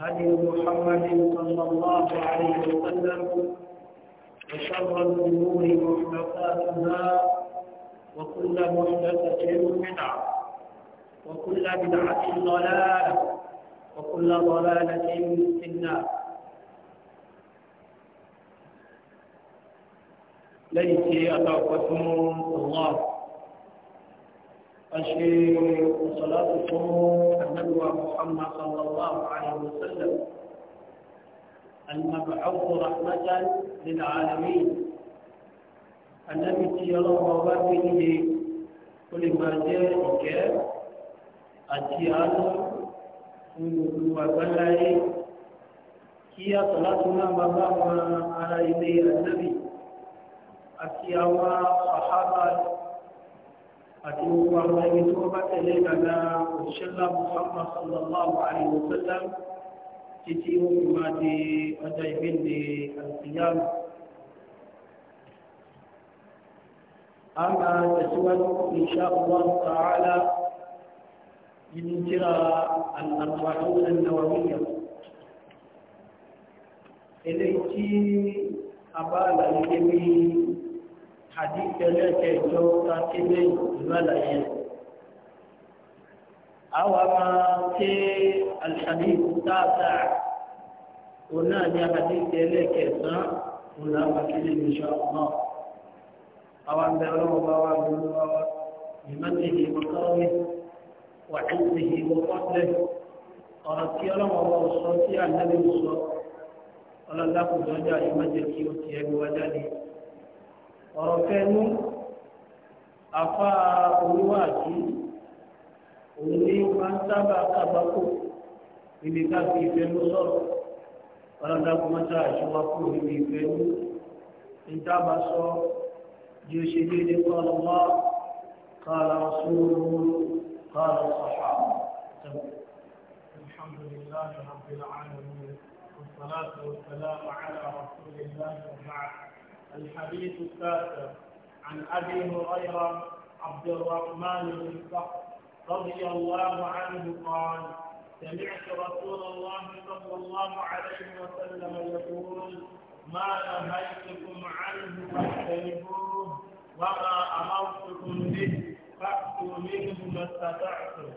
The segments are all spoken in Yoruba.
هدي محمد صلى الله عليه وسلم وشر الأمور محدثاتها وكل محدثة بدعة وكل بدعة ضلالة وكل ضلالة في النار ليس أتوقفون الله أشهر الصلاة والسلام على محمد صلى الله عليه وسلم المبعوث رحمة للعالمين النبي صلى الله عليه كل ما جاء àti àánú fún gbogbo àgbáláyé kí àtọ̀látún náà النبي bá wọn àti gbogbo àwọn ẹni tí wọ́n bá tẹ̀lé ìlànà òṣìṣẹ́ ńlá Muhammad sallallahu alayhi wa sallam títí wọ́n fi máa di ọjọ́ ìgbéǹde àlùfíyàmù. a máa tẹ̀síwájú insha Allah ta'ala nínú tíra al-arba'un an eléyìí tí a bá àlàyé bí hadith ẹlẹ́kẹ̀ẹ́jọ kakébé ìlú àlàyé àwọn máa ké alhadith dáadáa òun náà ní hadith ẹlẹ́kẹ̀ẹ́sán òun náà kakébé insha Allah àwọn abẹ́rẹ́ wọn bá wà lórí wa wá ìmọ̀tẹ́yẹ mọ̀kọ́wé wà ẹ̀sẹ̀yẹ mọ̀kọ́lẹ̀ ọ̀rọ̀ tí ọlọ́wọ́ bá sọ tí àlẹ́ mi sọ ọlọ́dàkùnjọ́jà ìmọ̀tẹ́kì ó ti ẹgbẹ́ wájáde ọ̀rọ̀ kẹnu afá oníwàásù òun ní máa ń sábà kábàkò níbi ká fi ìfẹ́nu sọ̀rọ̀ ọlọ́dàkùn mọ́tà àṣewá kù níbi ìfẹ́nu níta bá sọ bí ó ṣe déédé kọ́lọ́ mọ́ kọ́lọ́ sóòrò kọ́lọ́ sọ̀hà. الحمد لله رب العالمين والصلاة والسلام على رسول الله وبعد الحديث التاسع عن أبي هريرة عبد الرحمن بن صخر رضي الله عنه قال سمعت رسول الله صلى الله عليه وسلم يقول ما نهيتكم عنه فاجتنبوه وما أمرتكم به فأتوا منه ما استطعتم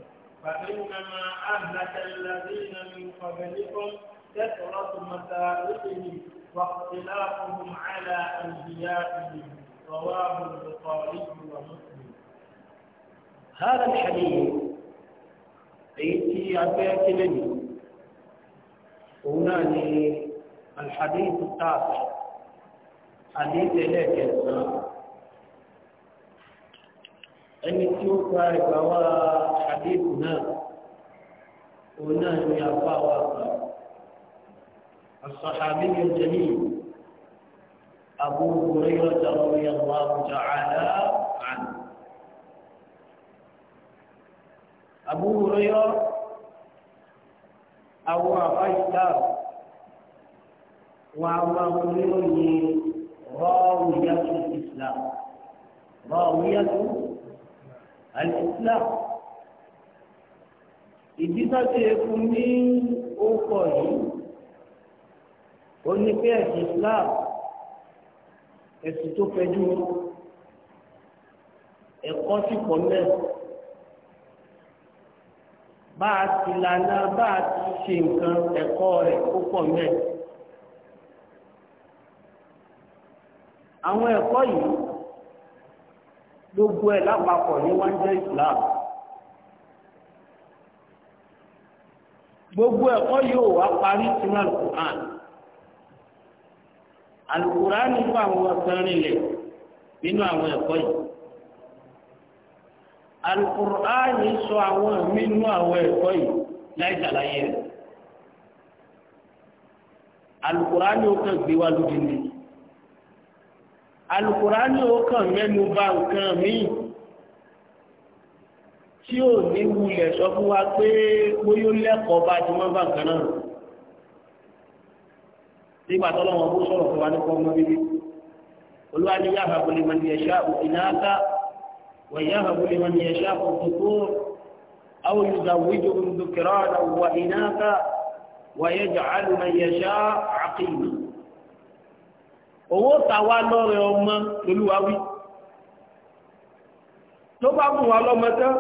فإنما أهلك الذين من قبلكم كثرة مسائلهم واختلافهم على أنبيائهم رواه البخاري ومسلم هذا الحديث أيتي أبيات لني هنا الحديث التاسع حديث إليك ẹni tí ó gba ìgbà wa àdéhùn الصحابي الجليل أبو هريرة رضي الله تعالى عنه أبو هريرة أو فايتار وأما هريرة راوية الإسلام راوية الإسلام إذا tó ṣe ó ní pé ẹ̀sìn Islam ẹ̀sìn tó fẹjú ẹ̀kọ́ sì pọ̀ mẹ́ bá a ti lànà bá a ti ṣe nǹkan ẹ̀kọ́ rẹ̀ ó pọ̀ mẹ́ àwọn ẹ̀kọ́ yìí gbogbo ẹ̀ lápapọ̀ ní wọ́n jẹ́ Islam. gbogbo ẹ̀kọ́ yóò wá parí sínú Al-Qur'an alukuraani fún àwọn ọ̀sánrin lẹ̀ nínú àwọn ẹ̀kọ́ yìí alukuraani sọ àwọn ẹ̀mí nínú àwọn ẹ̀kọ́ yìí láì sàlàyé rẹ̀ alukuraani ó kàn gbé wa lóde ní alukuraani ó kàn mẹ́nu bà nǹkan míì tí ò ní wulẹ̀ sọ fún wa pé bóyá lẹ́kọ̀ọ́ bá ti mọ́ bá nǹkan náà sígbà tọ́lọ́wọ́n bó sọ̀rọ̀ fún wa ní kọ́ ọmọ bíbí olúwa ni yáha bolè mọ̀ ní ẹ̀ṣá ìnáta wà yáha bolè mọ̀ ní ẹ̀ṣá òkòkò àwọn olùdàwíjọ olùdókèrè ọ̀nà wà ìnáta wà yẹ jàcálù mọ̀ ẹ̀ṣá àkìlì. owó ta lọ́rẹ̀ ọmọ lolúwa tó bá bù wá lọ́mọ tán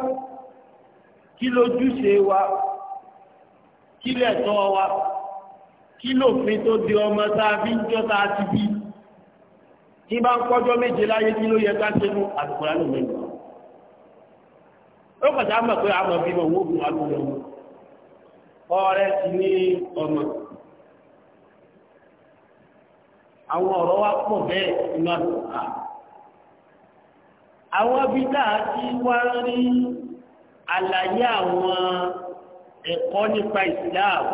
kí lójúṣe wa kí lẹ̀tọ́ wa kí lòfin tó di ọmọ tá a fi ń jọ́ tá a ti bí tí bá ń kọjọ́ méje láyé kí ló yẹ ká ṣe mú àtùkùrá ló mẹ́lú ó kọ̀tà mọ̀ pé àmọ̀ bí mọ̀ wọ́n fún agbóhùn ọmọ ọ̀rẹ́ ti ní ọmọ àwọn ọ̀rọ̀ wa pọ̀ bẹ́ẹ̀ inú àtùkùrá àwọn bí dáa ti wá rí àlàyé àwọn ẹ̀kọ́ nípa ìsìláàmù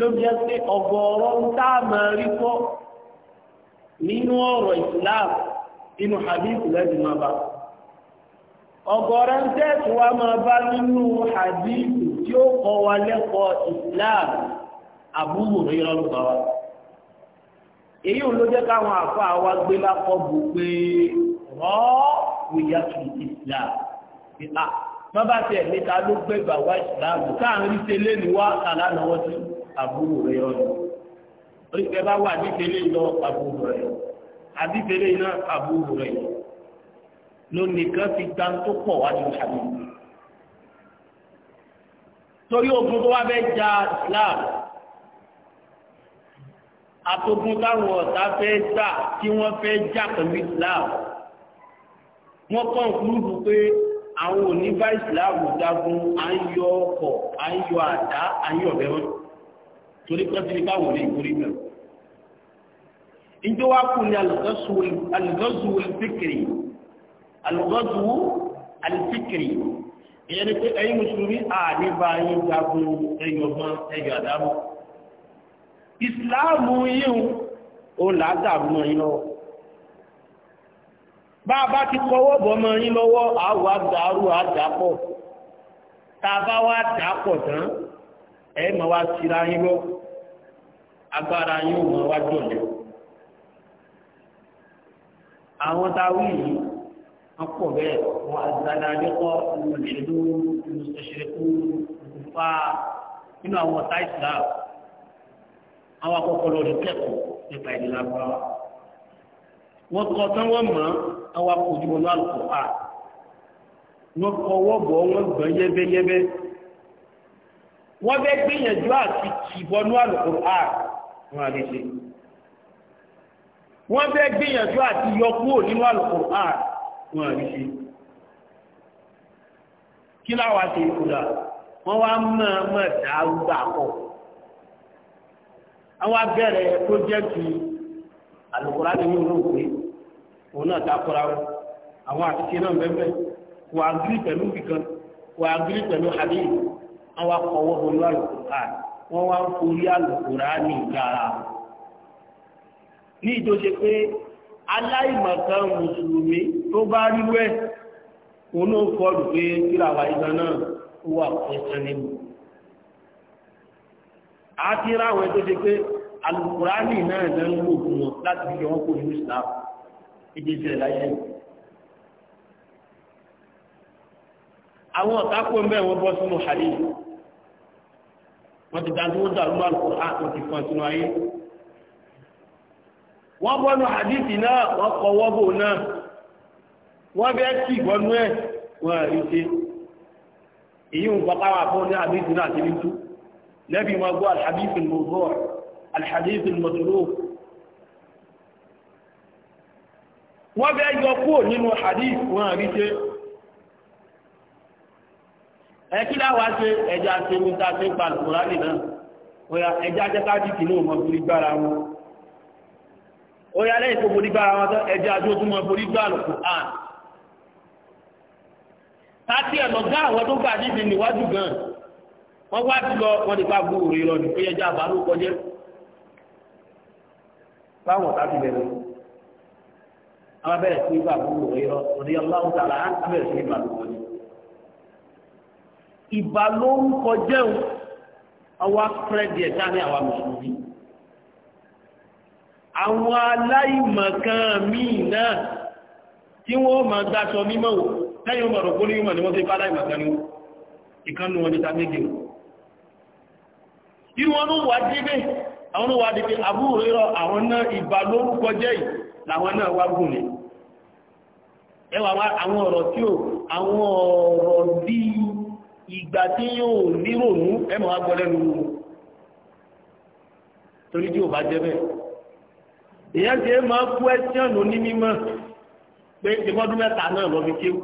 ló jẹ́ pé ọ̀gọ̀ọ̀rọ̀ ń tá rí kọ́ nínú ọ̀rọ̀ islam inú hadith lẹ́dí máa bá ọ̀gọ̀ọ̀rọ̀ ń tẹ́sí wa máa bá nínú hadith tí ó kọ́ wa lẹ́kọ̀ọ́ islam Abu Hurairah ló bá wa èyí ò ló jẹ́ káwọn àfa wa gbé lápọ̀ bù pé rọ́ wíyàtú islam ah, bá bá tẹ̀ níta ló gbẹ̀gbà wá islam táà ń rí tẹ́lẹ̀ ní wá kàlá náà wọ́n ti àbúrò rẹ yọ ni orí ìfẹ́ bá wà ní ìfẹ́lẹ́ yọ àbúrò rẹ yọ àbí ìfẹ́lẹ́ iná àbúrò rẹ yọ lónìí kan ti gbà tó pọ̀ wá ní ìṣàlẹ̀ torí ogun tó wá fẹ́ ja Islam àtògùn táwọn ọ̀tá fẹ́ gbà tí wọ́n fẹ́ jà pẹ̀lú Islam wọ́n kàn kúrúdù pé àwọn òní bá Islam jagun à ń yọ ọkọ̀ à ń yọ àdá à ń yọ ọ̀bẹ wọn torí pé ti ní káwọn lè borí mẹ. ìjọ wa kù ní alùgọ́sù alùfíkìrì alùgọ́sù alùfíkìrì ìyẹn ni pé ẹ̀yin mùsùlùmí àníbà yín jagun ẹyọ ọgbọ́n ẹyọ àdámọ́. ìsìláàmù yíyún ó làágàrú mọ́ yín lọ́wọ́. bá a bá ti kọwọ́ bọ́ mọ́ yín lọ́wọ́ àwọn àdàrú àdàpọ̀ tá a dàpọ̀ tán ẹ mọ̀ wá tira yín bọ́ agbára yín ò mọ̀ wá jọ̀lẹ̀ àwọn tá a wí yìí wọ́n pọ̀ bẹ́ẹ̀ wọ́n azadadẹ́kọ́ olùdílú olùsọ̀ṣẹ̀kú olùfà nínú àwọn ọ̀tá Islam àwọn akọ́kọ́ lọ́ọ́ kẹ́kọ̀ọ́ nípa ìdílé agbára wọ́n kọ́ tán wọ́n mọ̀ àwọn akọ̀jú wọn lọ́ọ́ àlùkò pa wọ́n kọ́ wọ́ọ̀bọ̀ wọ́n gbọ́n yẹ́bẹ́yẹ́bẹ́ wọ́n bẹ́ gbìyànjú àti tìbọnú Al-Qur'an wọn àlè ṣe wọ́n bẹ́ gbìyànjú àti yọkúò nínú Al-Qur'an wọn àlè ṣe kí láwa ṣe ìkúdà wọ́n wá máa mọ̀ dáúgbà pọ̀ àwọn abẹ́rẹ́ pọ́jẹ́tì Al-Qur'an ní ìlú òkè òun náà takora wọn àwọn àtìkè náà bẹ́ẹ̀ bẹ́ẹ̀ kò àgírí pẹ̀lú kíkan kò àgírí pẹ̀lú hadith wọ́n wá kọ́wọ́ bolú àlùkùránì wọ́n wá ń forí àlùkùránì gara ní ìtòsí pé aláìmọ̀kan mùsùlùmí tó bá rí wẹ́ òun ó fọdù pé kíláwà ìgbà náà ó wà pẹ̀sẹ̀ nínú. a ti ráwọ̀ ẹ̀ tó ṣe pé alukurani náà ló ń lò fún wọn láti fi wọn kó ìlú islam èdè ìṣẹ̀lẹ̀ láyé àwọn ọ̀tá kó ń bẹ́ẹ̀ wọ́n bọ́ sínú hadith wọ́n ti dájú wọ́n dàrú máa lùkọ́ àti ah, wọ́n ti kàn sínú ayé. wọ́n bọ́nu àdìsí náà wọ́n kọ wọ́bù náà wọ́n bẹ́ẹ̀ kì í bọ́nu ẹ̀ wọ́n rí ṣe. èyí ń bọ́ká wà fún ní àdìsí náà ti rí tú. lẹ́bi wọn gbọ́ alhadisi mọ̀gbọ́ alhadisi mọ̀tòló. wọ́n bẹ́ẹ̀ yọ kúrò nínú àdìsí wọn rí ṣe ẹ kí láwa ṣe ẹja ṣe ní ta ṣe ń pa lùkùránì náà òyà ẹja jẹ́ káàdìkì náà mọ̀ fúri gbára wọn òyà lẹ́yìn tó forí gbára wọn tán ẹja tó tún mọ̀ forí gbára lùkùránì tàbí ẹ̀lọ́gá àwọn tó gbà níbi níwájú gan wọ́n wá ti lọ wọ́n ti bá gbúrò rí lọ ní pé ẹjọ́ àbá ló kọjá báwọn tàbí bẹ̀rẹ̀ àwọn abẹ́rẹ́ sí bá gbúrò rí lọ òní ọlọ́run tààlà abẹ́rẹ́ sí bá gbúrò rí lọ ìbálòrúkọ jẹun àwa pẹ́ẹ́dì ẹ̀dá ní àwa mùsùlùmí àwọn aláìmọ̀kan míì náà tí wọ́n máa dáṣọ mímọ̀ wò lẹ́yìn ọmọ ọ̀rọ̀ gbóní mímọ̀ ni wọ́n ti bá aláìmọ̀kan ní ìkànnù wọn ní tàbígì irú wọn wà débẹ̀ àwọn wà débẹ̀ àbúrò rírọ àwọn náà ìbálòrúkọ jẹ́ yìí làwọn náà wá gùn ní ẹwà àwọn ọ̀rọ̀ tí ò àwọn ọ̀rọ̀ bíi ìgbà tí yóò nírònú ẹmọ̀ agbọ́lẹ́nu torí tí ò bá jẹ́ bẹ́ẹ̀ èyàn ti máa kú ẹtíọ̀nù ní mímọ́ pé ìmọ́dún mẹ́ta náà lọ fi kéwù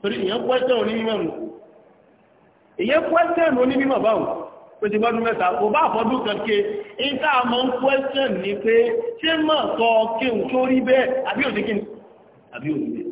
torí èyàn kú ẹtíọ̀nù ní mímọ́ nù èyàn kú ẹtíọ̀nù ní mímọ́ báwò pé ti mọ́dún mẹ́ta kò bá àfọ́dún kan ké níta àmọ́ ń kú ẹtíọ̀nù ní pé ṣé mọ̀ sọ kéwù tó rí bẹ́ẹ̀ àbí òdì kí ni àbí òdì bẹ́ẹ̀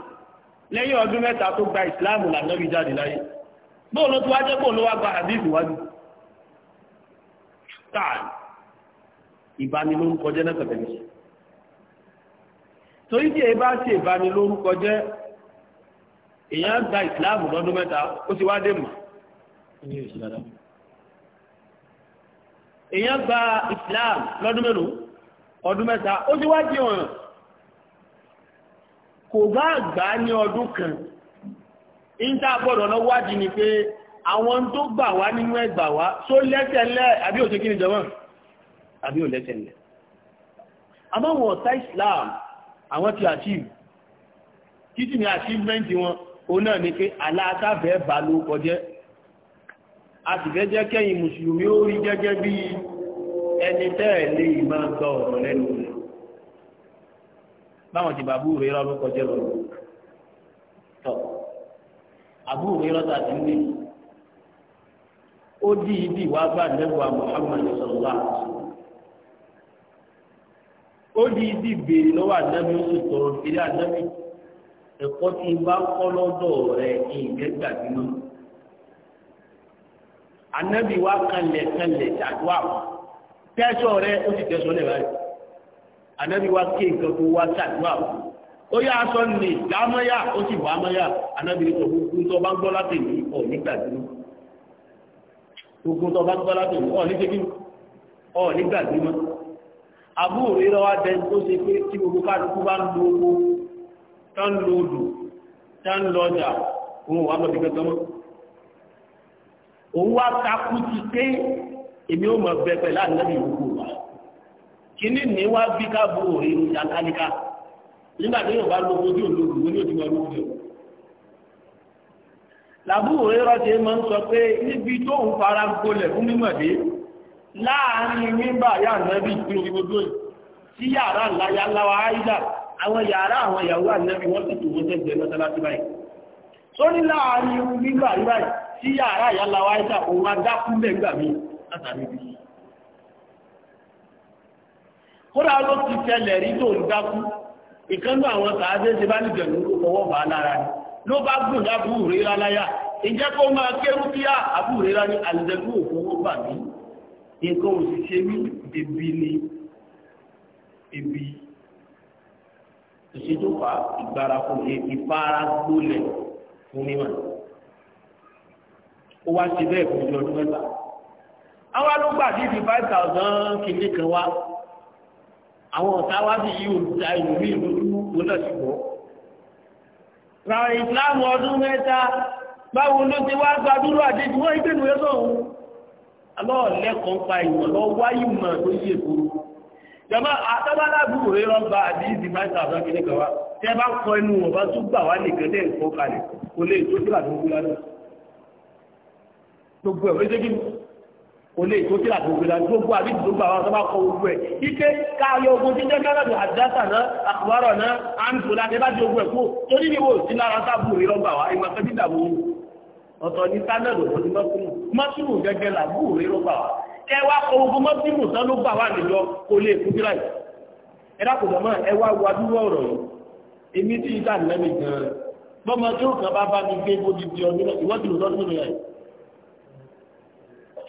lẹ́yìn ọdún mẹ́ta tó gba ìsìláàmù lànàbí jáde láyé bóòlù tó wájẹ́ bóòlù wá gba hadith wájú táàlì ìbanilórúkọ jẹ́ náà pẹ̀lú ìṣẹ́ torí tí èyí bá ṣe ìbanilórúkọ jẹ́ èèyàn gba ìsìláàmù lọ́dún mẹ́ta ó ti wá dé mọ̀ èèyàn gba ìsìláàmù lọ́dún mẹ́ta ó ti wá dé ọ̀ràn kò bá gbà ní ọdún kan ìta gbọ́dọ̀ lọ wádìí ni pé àwọn tó gbà wá nínú ẹgbà wá tó lẹ́tẹ̀lẹ̀ àbí ò tẹ́kí ni jọmọ́ àbí ò lẹ́tẹ̀lẹ̀ àmọ́wọ̀n ọ̀tá Islam àwọn ti achieve títí ni achievement wọn o náà ni pé aláàtàfẹ́ bá ló kọjẹ́ a sì fẹ́ jẹ́ kẹ́yìn mùsùlùmí ó rí gẹ́gẹ́ bí ẹni tẹ́ẹ̀lé ìmọ̀ ọ̀rọ̀ lẹ́nu rẹ̀ báwọn ti bàbú rẹ lọ kọjá lọ tọ àbúrò rẹ lọ tàbí ní ó dí ibi wàá bá nẹ́wàá Muhammad sọlá ó dí ibi béèrè lọ́wọ́ ànábi ó sì tọrọ ìdílé ànábi ẹ̀kọ́ tí n bá kọ́ lọ́dọ̀ rẹ kí n jẹ́ gbàgbé náà ànábi wàá kanlẹ̀ kanlẹ̀ ṣàdúrà tẹ́sọ̀ rẹ ó sì tẹ́sọ̀ lẹ́wàá rẹ anabi wa ké nǹkan kó wá ṣàdúrà o ó yá aṣọ nì dámọ́yà ó sì wá mọ́yà anabi ní gbogbo tó bá ń gbọ́ láti ìlú ọ̀ nígbà dúró gbogbo tó bá ń gbọ́ láti ìlú ọ̀ ní ṣẹ́kí ọ̀ nígbà dúró àbúrò rírọ wa dẹ tó ṣe pé tí gbogbo kálukú bá ń lo owó tó ń lo odò tó ń lọ ọjà òun wà lọ́bi kankan mọ́ òun wá takú ti pé èmi ò mọ̀ bẹ́ẹ̀ pẹ̀lú ànábì ìwúkú wa kíní ní wá bí káàbùrò ìlú jàǹkálíkà nígbà tí yóò bá lo ojú olóògùn ní ojú ọdún òjò làbúrò rírọ́ ti máa ń sọ pé níbi tó ń fara gbolẹ̀ fún mímọ̀dé láàárín nígbà yà nẹ́bí tí orí gbogbo sí yàrá ńláyà láwa áìdà àwọn yàrá àwọn ìyàwó ànẹ́bí wọ́n sì tòun tẹ́gbẹ̀ẹ́ lọ́sálásí báyìí tó ní láàárín nígbà rí báyìí sí yàrá ìyàláwa áìdà òun adákúnlẹ̀ gbà mí látàrí bíi kódà ló ti tẹlẹ̀ rí tó ń dákú ìkánú àwọn sàájé ṣe bá ní jẹ̀lú ọwọ́ bá lára ni ló bá gùn lábú ìrírá láyà ìjẹ́ kó máa kéwú kí á àbú ìrírá ní àlùjẹ́kú òfowó bà mí nǹkan òṣìṣẹ́ mi ebi ni ebi ìṣèjọba ìgbára fún mi ìfara gbólẹ̀ fún mi mà ó wá ṣe bẹ́ẹ̀ fún ìjọ ọdún mẹ́ta àwọn alógbàdì fi five thousand kìíní kan wá àwọn ọ̀tá wá sí yìí olùta ìlú mi ìlú olúkúlù náà ti wọ́. ra ìsìláàmù ọdún mẹ́ta báwo ló ti wá gbadúrà àdéjú wọ́n ìgbé ìwé sọ̀hún. alọ́ọ̀lẹ́kọ̀ọ́ pa ìwọ̀n lọ wá ìmọ̀ tó yẹ kúrú. jọba àtàbálàbù rẹ̀ rọ́gbà àti ìdìbáṣà àbákẹ́lẹ́ kan wá tẹ́ bá kọ inú wọn bá tún gbà wá nìkan tẹ́ ìfọ́kalẹ̀ kò lè tó kò lè tó kílà gbogbo la gbogbo àbí gbogbo àwọn ọ̀sán bá kọ gbogbo ẹ̀ ike káyọ ogun jíjẹ́ kárọ̀dù àdásà náà àkùbárọ̀ náà àǹtò láti bá di ogun ẹ̀ kú torí ni wò sí lára sábù rí rọ́gbà wa ìmọ̀ fẹ́ dídà wọ́n ọ̀tọ̀ ní sánẹ̀lì ọ̀tọ̀ ní mọ́tìmù mọ́tìmù gẹ́gẹ́ là bù rí rọ́gbà wa ẹ wá kọ ogun mọ́tìmù tán ló gbà wà nìjọ kò lè kú kílà yìí ẹ dákòtò mọ́ ẹ wá wá dúró ọ̀rọ̀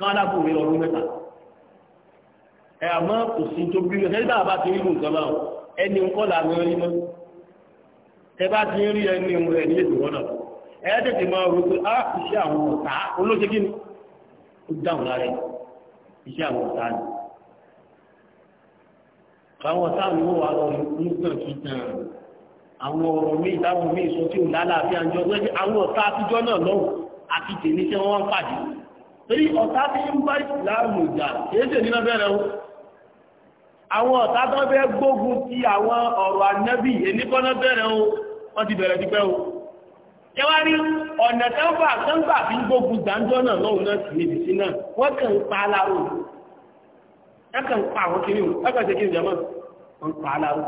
káwọn dákò rí lọ ọdún mẹ́ta ẹ àmọ́ kò sí tó bí ẹni tá a bá ti rí mú nǹkan báwọn ẹni ńkọ́ là ń rí mọ́ ẹ bá ti rí ẹni ń rẹ̀ ní ètò wọ́nà ẹ tètè máa rò pé á ah, iṣẹ́ àwọn ọ̀tá olóṣè kí ni ó dáhùn lára ẹ̀ iṣẹ́ àwọn ọ̀tá ni àwọn ọ̀tá ni wọ́n wà lọ nígbà kí tán àwọn ọ̀rọ̀ míì táwọn míì sọ tí ò lálàáfíà ń jọ pé àwọn ọ̀tá àtijọ́ náà lọ́wọ́ àti tèmi tí wọ́n ń pàdé torí ọ̀tá tí ń bá ìsìláàmù jà kéèké nínú bẹ̀rẹ̀ o àwọn ọ̀tá tó fẹ́ gbógun ti àwọn ọ̀rọ̀ ànábì ènìkọ́nà bẹ̀rẹ̀ o wọ́n ti bẹ̀rẹ̀ tipẹ́ o ẹ wá rí ọ̀nà tánfà tánfà fi ń gbógun dáńjọ́ náà lọ́wọ́ náà sì níbi sí náà wọ́n kàn ń pa aláró wọ́n pa àwọn kiri o wọ́n ṣe kiri jẹ́mọ́ ń pa aláró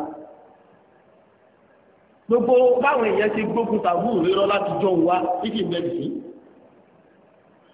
gbogbo báwọn èèyàn ti gbógun tàbú òrérọ́ láti jọ wá kíkì mẹ́bìsí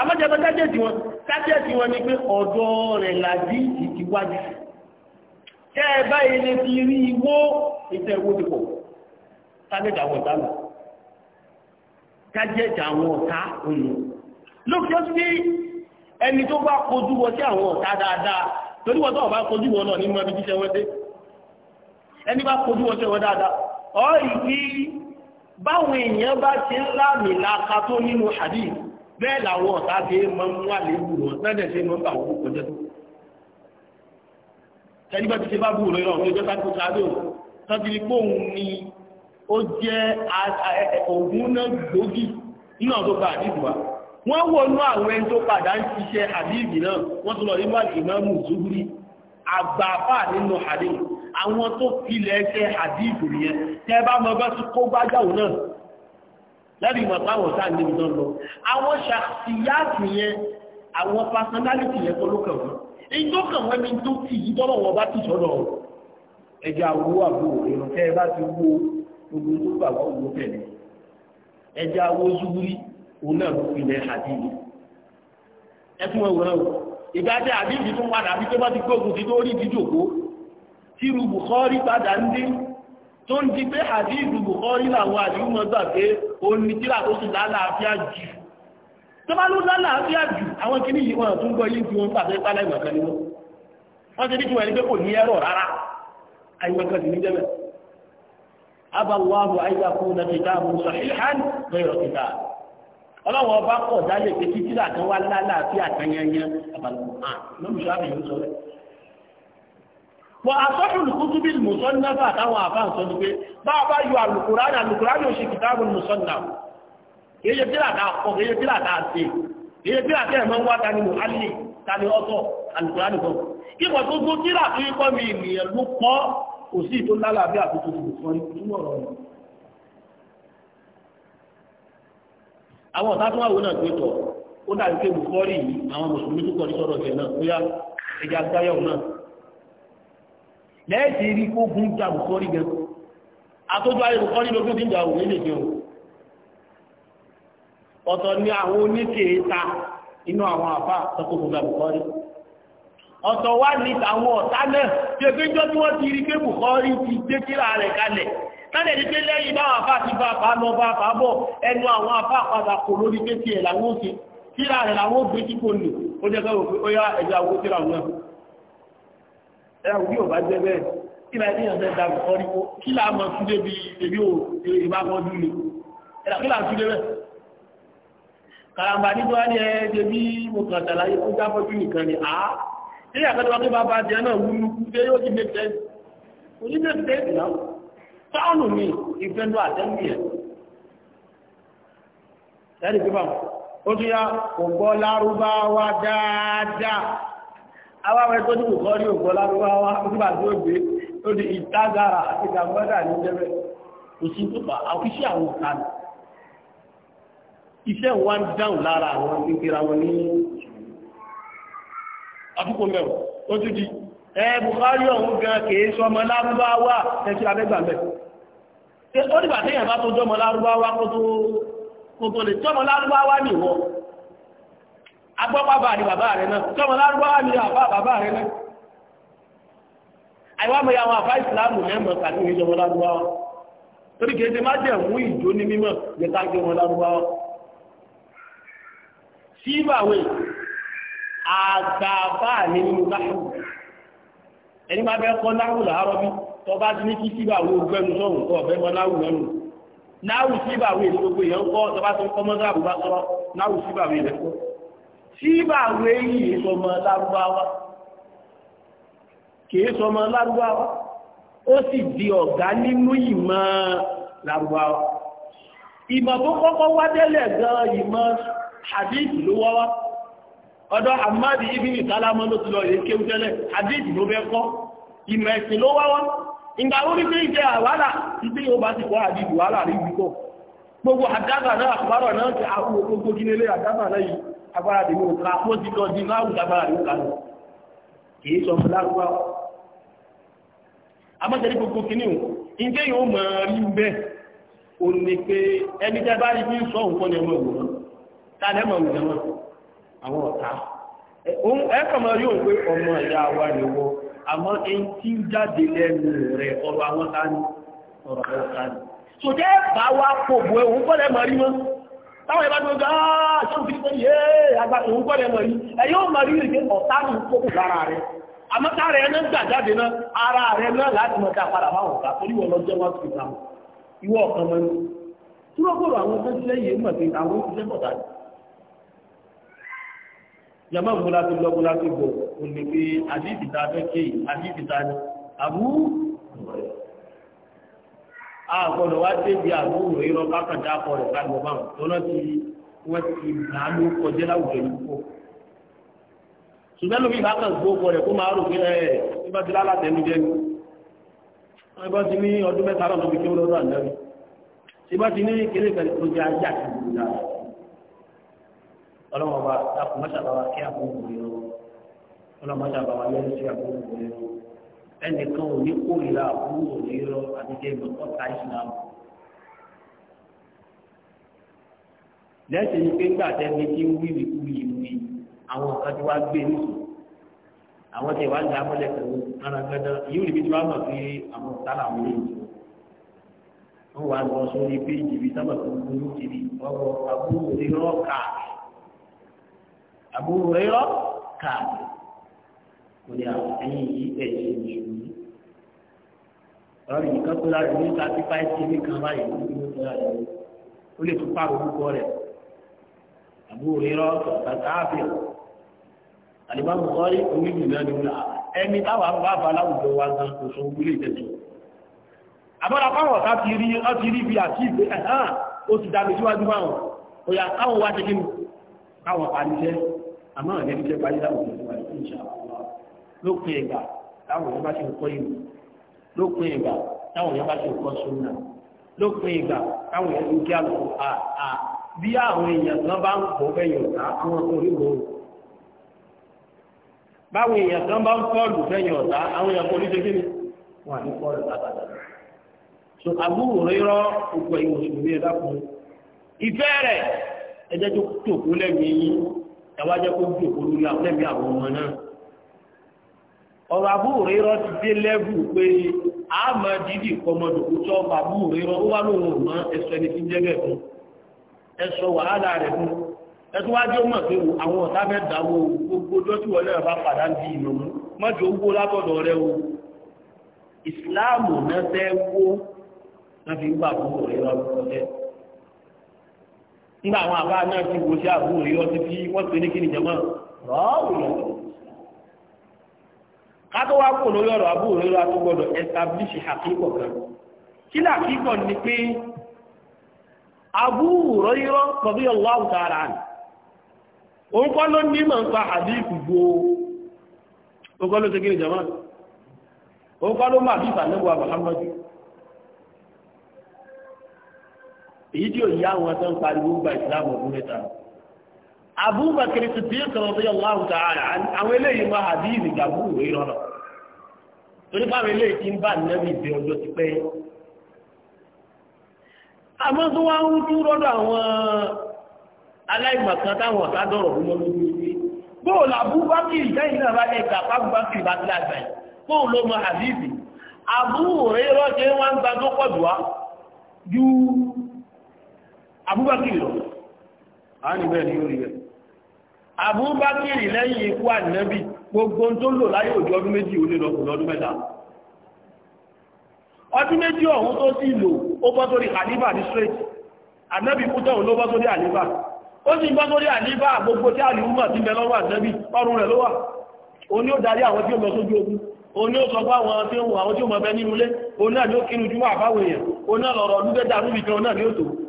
àmọ́jọba tájẹ́jì wọn tájẹ́jì wọn ni pé ọ̀dọ́ rẹ̀ làdí ìtìwájú tẹ́ ẹ báyìí lè fi rí iwó ìtẹ́ ìwó ti pọ̀ tájẹ́jì àwọn ọ̀tá lọ tájẹ́jì àwọn ọ̀tá òyìn lókè sí ẹni tó bá kojú wọn sí àwọn ọ̀tá dáadáa torí wọn tó wọn bá kojú wọn náà ní mọ ibi jíṣẹ́ wọn báwọn èèyàn bá ti ń lámìlaka tó nínú hadith bẹ́ẹ̀ làwọn ọ̀tá ṣe é máa ń wà léwu wọn sẹ́dẹ̀ ṣe máa ń bà wọ́n kọjá tó. ẹni bá ti ṣe bá bù rẹ lọ ọ̀gbẹ́jọ́ sáà tó sáré o sọ́kiri pòun ni ó jẹ́ ògùn náà gbòógì nínú ọ̀dọ́ bá àdìgbò wa wọ́n wọnú àwọn ẹni tó padà ń ṣiṣẹ́ àdìgbì náà wọ́n tún lọ nínú àdìmọ́mù zúgúrí àgbàfà nínú àdìgbì àwọn tó filẹ̀ ẹsẹ̀ àdìgbì yẹn tẹ́ bá mọ bá tún kó gbájáwò náà lẹ́rìí ìmọ̀ pàwọ̀ sáà níbi tó ń lọ àwọn ṣàṣìyáàtì yẹn àwọn personality yẹn kọ́ ló kàn wọ́n ìjọ kàn wọ́n mi tó tì í tọ́lọ̀ wọn bá tì sọ́dọ̀ ẹja wo àbúrò ìrùn tẹ́ ẹ bá ti wo gbogbo tó gbà wọ́n wo tẹ̀lé ẹja wo zúwúrí òun náà ló fi lẹ́ àdìyẹ ẹ tún wọn wọ́n ìgbàjẹ́ àdìyẹ tó padà bí tó bá ti gbógun ti tó rí ìdíjòkó tí rúbù kọ́ rí padà ń dín tó ń di pé àdíìdù Bukhari làwọn àdíìmọ̀ gbà pé orin tíra tó sì lálàáfíà jù tó bá ló lálàáfíà jù àwọn kìíní yìí wọn tún gbọ́ yìí tí wọ́n pàṣẹ pálá ìmọ̀kan ni wọ́n wọ́n ti díjú ẹni pé kò ní ẹ̀rọ rárá àìmọ̀kan sì ní jẹ́mẹ̀ abaláwo àyíkú na ti dáàbò sahihan bẹ́ẹ̀rọ ti dáa ọlọ́wọ́ bá kọ̀ wọ àtọ́jù lùkútù bí mùsọ́nnáfà àtàwọn àfáà sọ ní pé bá a bá yọ àlùkùránì àlùkùránì ò ṣe kìtàbù mùsọ́nnà kéye pílà tá a kọ kéye pílà tá a ṣe kéye pílà tẹ́ ẹ̀ máa ń wá tani muhalli tani ọ̀tọ̀ àlùkùránì kan kí wọ́n tó tó tíra tó yíkọ́ mi ènìyàn ló kọ́ kò sí àwọn ọ̀tá tó wà wò tó tọ̀ ó dàbí pé bùkọ́rì yìí àwọn mùsùlùmí tó kọ́ ní sọ́dọ̀ lẹ́ẹ̀sì rí kó gún jà bùkọ́rí gan àtọ́jú ayé bùkọ́rí lójú ti ń jà òun nílé jẹun ọ̀tọ̀ ni àwọn oníkèéta inú àwọn àbá tọ́kọ̀ gún jà bùkọ́rí ọ̀tọ̀ wá ní àwọn ọ̀tá náà tí ẹgbẹ́jọ́ tí wọ́n ti rí pé bùkọ́rí ti gbé kíra rẹ̀ kalẹ̀ lálẹ́ ní pé lẹ́yìn báwọn àbá ti bá bá lọ bá bá bọ̀ ẹnu àwọn àbá padà kò lórí pé tiẹ̀ làwọn ó kíra rẹ̀ làwọn ó gbé kíkò nù ó jẹ́ káwọn ẹ̀rù bí ò bá jẹ́ bẹ́ẹ̀ kí láì ní ìyànjẹ́ ìdàgbò kọ́ ní kó kí láà mọ̀ tún dé bí ebi ò ìbámọ́jú ni ẹ̀rà kí láà tún dé bẹ́ẹ̀ kàràmbà nígbà ní ẹ̀ẹ́dẹ̀ bí mo kàn tàlàyé fún jáfọ́jú nìkan ni àá tí àkọ́dọ̀ wọ́n tó bá bá jẹ́ náà wúlú kú dé yóò ti mẹ́tẹ́ onímẹ́tẹ́ ìlà táwọn mi ìfẹ́lú àtẹ́lú yẹn ẹ̀rì pípa ó tún yá kò lárúbáwá dáadáa awáwẹ́ tó ní ìkọ́ ní ògbọ́ lárúbáwá nígbà tí ó gbé ó di ìtagara àti gàmọ́dà ní jẹ́rẹ́ òsì tó fà àfiṣẹ́ àwọn òkàlù iṣẹ́ wa ń dáhùn lára àwọn kékeré wọn ní àbúkò mẹ́wọ̀ ó tún di ẹ Buhari ọ̀hún gan kìí sọ ọmọ lárúbáwá ẹ̀ṣẹ́ abẹ́gbàmẹ́ ó dìgbà téèyàn bá tó jọmọ lárúbáwá kó tó lè jọmọ lárúbáwá nìwọ̀n agbọ́pàbà ni bàbá rẹ̀ náà tọ́mọ lárúbáwá ni àbá bàbá rẹ̀ náà àìwá mọ̀ ya àwọn àbá ìsìláàmù mẹ́mọ̀ tàbí ìjọmọ lárúbáwá torí kìí ṣe má jẹ́ mú ìjó ní mímọ̀ yẹta jọmọ lárúbáwá síbàwé àgbàbà ní nínú láhùn ẹni bá bẹ́ kọ́ láhùn làárọ̀ bí tọ́ bá ti ní kí síbàwé ògbẹ́nu sọ̀rùn kọ́ ọ̀fẹ́ mọ́ láhùn mẹ́rùn náà síbàwé ìlú gbogbo èèyàn kọ́ tọ́ bá kọ́ tíbà wé yìí sọmọ lárúbáwá kìí sọmọ lárúbáwá ó sì di ọ̀gá nínú ìmọ̀ lárúbáwá ìmọ̀ tó kọ́kọ́ wá délẹ̀ gan ìmọ̀ hadith ló wá wá ọ̀dọ̀ Ahmad ibn Salama ló ti lọ èyí hadith ló bẹ́ kọ́ ìmọ̀ ẹ̀sìn ló wá wá ìgbà orí pé ìjẹ àwárà títí yóò bá ti kọ́ hadith wàhálà rí gbogbo àdábà náà àkùbárọ̀ náà ti àwọn gbogbo kínílé àdábà náà yìí agbára tèmi ò ká mo ti lọ di láwùjọ agbára tèmi ká lọ kìí sọ fún lárúbá amọ́tẹ́lẹ́ gbogbo kìíní o ìgbé yóò mọ̀ rí bẹ́ẹ̀ o ní pé ẹni tẹ́ bá rí bí sọ nǹkan ní ọmọ ìwòran tá a lẹ́mọ̀ ìwòran wọn àwọn ọ̀tá ẹ kàn mọ̀ rí òun pé ọmọ ìyá wa ni wọ àmọ́ ẹni tí ń jáde lẹ́nu rẹ̀ ọ̀rọ̀ àwọn tání ọ̀rọ̀ àwọn tání táwọn ìbá dúró gáà tó fi pé yé àgbà òun kọ́ lẹ́nu yìí ẹ̀yìn ó máa rí ìrìnkè ọ̀tá ní kókò lára rẹ̀ àmọ́ tára ẹ̀ náà gbà jáde náà ara rẹ̀ náà láti mọ̀ dá padà báwọn ọ̀gá torí wọn lọ jẹ́ wọn fi ta ìwọ ọ̀kan mọ́ ni tí wọ́n gbọ́dọ̀ àwọn tó ṣiṣẹ́ yìí mọ̀ pé àwọn òṣìṣẹ́ bọ̀ dájú. yàmá gbọ́dọ̀ ti lọ gbọ́dọ̀ ti bọ̀ òní pé àdìsí ta fẹ́ kéyìí àdìsí ta ni àbú àgbọ̀dọ̀ wá débi àbúrò irọ́ kákàndá akọ rẹ̀ kágbọ̀ bá wọn tọ́lọ́ ti wọ́n ti gbà ló kọjá láwùjọ yìí kó. ṣùgbọ́n lómi ìbákan gbó kọ rẹ̀ kó máa rò pé ẹ̀ nígbà tí lálàtẹ̀ ń jẹ́ ní bá ti ní ọdún mẹ́ta lọ́nà fi kí ó lọ́dọ̀ àjẹ́ ní bá ti ní kéré pẹ̀lú tó jẹ́ ajá àti ìgbìyà ọlọ́mọ bá dákùn mọ́ṣàbáwá kí àbúrò rẹ̀ ọlọ́mọ ẹnìkan ò ní kórìíra àbúrò òní rọ àtijọ́ ìmọ̀kọ́ ta islam. lẹ́sìn ní pé ńgbà tẹ́ni tí ń wíwì kú yìí wí àwọn kan tí wàá gbé nìyí àwọn tí wàá lámọ́lẹ̀ pẹ̀lú arangandan yóò rí bí tí wàá mọ̀ pé àwọn ọ̀tá làwọn yóò wọ́n wà lọ sórí péjì bíi sábà tó burú kiri ọ̀rọ̀ àbúrò rírọ́ káàkiri àbúrò rírọ́ káàkiri kò ní àwọn ẹ̀yìn yìí ẹ̀jẹ̀ ìṣòro ọ̀rọ̀ yìí kan tó láti ní thirty five kìíní kan báyìí ní ìlú tó láti ní ó lè tún pààrọ̀ orúkọ rẹ̀ àbúrò rírọ́ tàtàáfì àdìbámu sọ́ọ́rí onídìí náà ni wọ́n ẹni táwọn àbúrò aláwùjọ wa gan kò sọ wúlò ìtẹ̀sùn àbọ̀dà pàwọ̀ ká ti rí ọtí rí bí àti ìgbé ẹ̀hán ó ti dámi síwájú báwọn ó yà káwọn wá ṣe kí ní káwọn pàdíṣẹ́ àmọ́ ọ̀dẹ́ ní parí láwùjọ ìwà ìṣàlọ́ lópin ìgbà táwọn ọba ṣe kọ́ ìlú lópin ìgbà táwọn èèyàn bá ti kọ́ súnà lópin ìgbà táwọn èèyàn ti kí àlùkò àà bí àwọn èèyàn kan bá ń kó bẹ́yìn ọ̀tá àwọn orígbò báwọn èèyàn kan bá ń kọ́ọ̀lù bẹ́yìn ọ̀tá àwọn èèyàn kan oríṣẹ́ kọ́ọ̀lù so àbúrò rírọ́ òkú ẹ̀yìn ìfẹ́ ọ̀rọ̀ àbúrò rọ ti dé lẹ́bù pé a mọ̀ dídì kọmọdùkú tó ọba àbúrò rọ ó wá lóhun ọ̀mọ́ ẹ̀sọ́ ẹni tí ń jẹ́gẹ̀ fún ẹ̀sọ́ wàhálà rẹ̀ fún ẹ̀tún wájú mọ̀ pé àwọn ọ̀tá fẹ́ dáwọ́ gbogbo ọjọ́ tí wọ́n lẹ́rọ̀ bá padà ń di ìnáwó mọ́jọ owó lábọ̀dọ̀ rẹ o ìsìláàmù náà fẹ́ wó kátó wá kò lórí ọ̀rọ̀ àbúrò rẹ̀ wá tó gbọdọ̀ establish àkíkọ̀ kan kí ni àkíkọ̀ ni pé àbúrò irọ́ pọ̀bí ọlọ́wọ́ tààrà nì òun kọ́ ló ní mọ̀ ń pa àdíkù gbó òun kọ́ ló ti gírí jama òun kọ́ ló máa bí ìfàlẹ́wọ̀ àbàhámọ́dù èyí tí ò yá àwọn tó ń pariwo gba ìsìlámù ọdún mẹ́ta rẹ̀ abubakar siddiq radiyallahu ta'ala àwọn hadithi ti ti tó wá ń dún àwọn aláìmọ̀kan táwọn ọ̀tá dọ̀rọ̀ mọ́ lójú sí bóò lọ abúbákì bá lẹ́gbà pábúbákì bá ti lágbà yìí hadithi tó wá ju abúbákì lọ àwọn ìbẹ̀rẹ̀ ni àbúbákìrì lẹ́yìn ikú ànábì gbogbo tó lò láyé òjò ọdún méjì ó lè lọ́kùn lọ́dún mẹ́ta ọdún méjì ọ̀hún tó sì lò ó bọ́ sórí àlífà ní straight ànábì kú tẹ́hùn ló bọ́ sórí àlífà ó sì bọ́ sórí àlífà gbogbo tí àlùmọ̀ sí bẹ lọ́wọ́ ànábì ọrùn rẹ̀ ló wà ó ní ó darí àwọn tí ó lọ sójú ogun ó ní ó sọ fún àwọn tí ó mọ̀ bẹ nínú ilé ó náà ni ó kínú júmọ́ àbáwò èèyàn ó náà lọ̀rọ̀ ọdún bẹ́ẹ̀ dàrú ìjọ náà ni ó tòó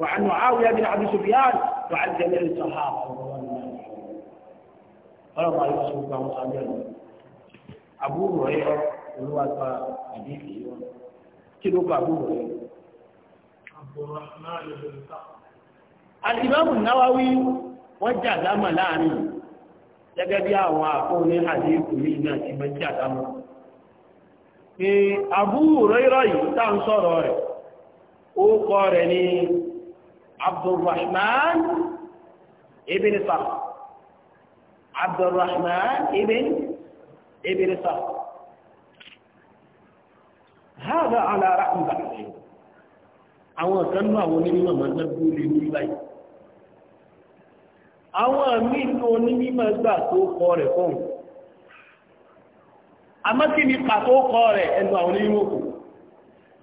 وعن معاوية بن أبي سفيان وعن جميع الصحابة ọlọ́pàá yóò sọ fún àwọn sábẹ́ rẹ̀ àbúrò rẹ̀ olúwa gba àdéhùn yìí wọn kí ló gba àbúrò rẹ̀. alimami Nawawi wọn jà dámà láàrin gẹ́gẹ́ bí àwọn akọni àdéhùn yìí náà ti máa jà dámà. pé àbúrò rẹ̀ yìí tá à ń sọ̀rọ̀ rẹ̀ ó kọ rẹ̀ ní abdulrahman ibn saf abdulrahman ibn ibn saf hada ala rahmu bàtàlẹ àwọn kan náà àwọn onímọ̀ máa ń dábò lè ní báyìí àwọn àmì inú onímọ̀ gbà tó kọ rẹ̀ fọ́n àmọ́ kí ni pàtó kọ rẹ̀ ẹnu àwọn onímọ̀ kò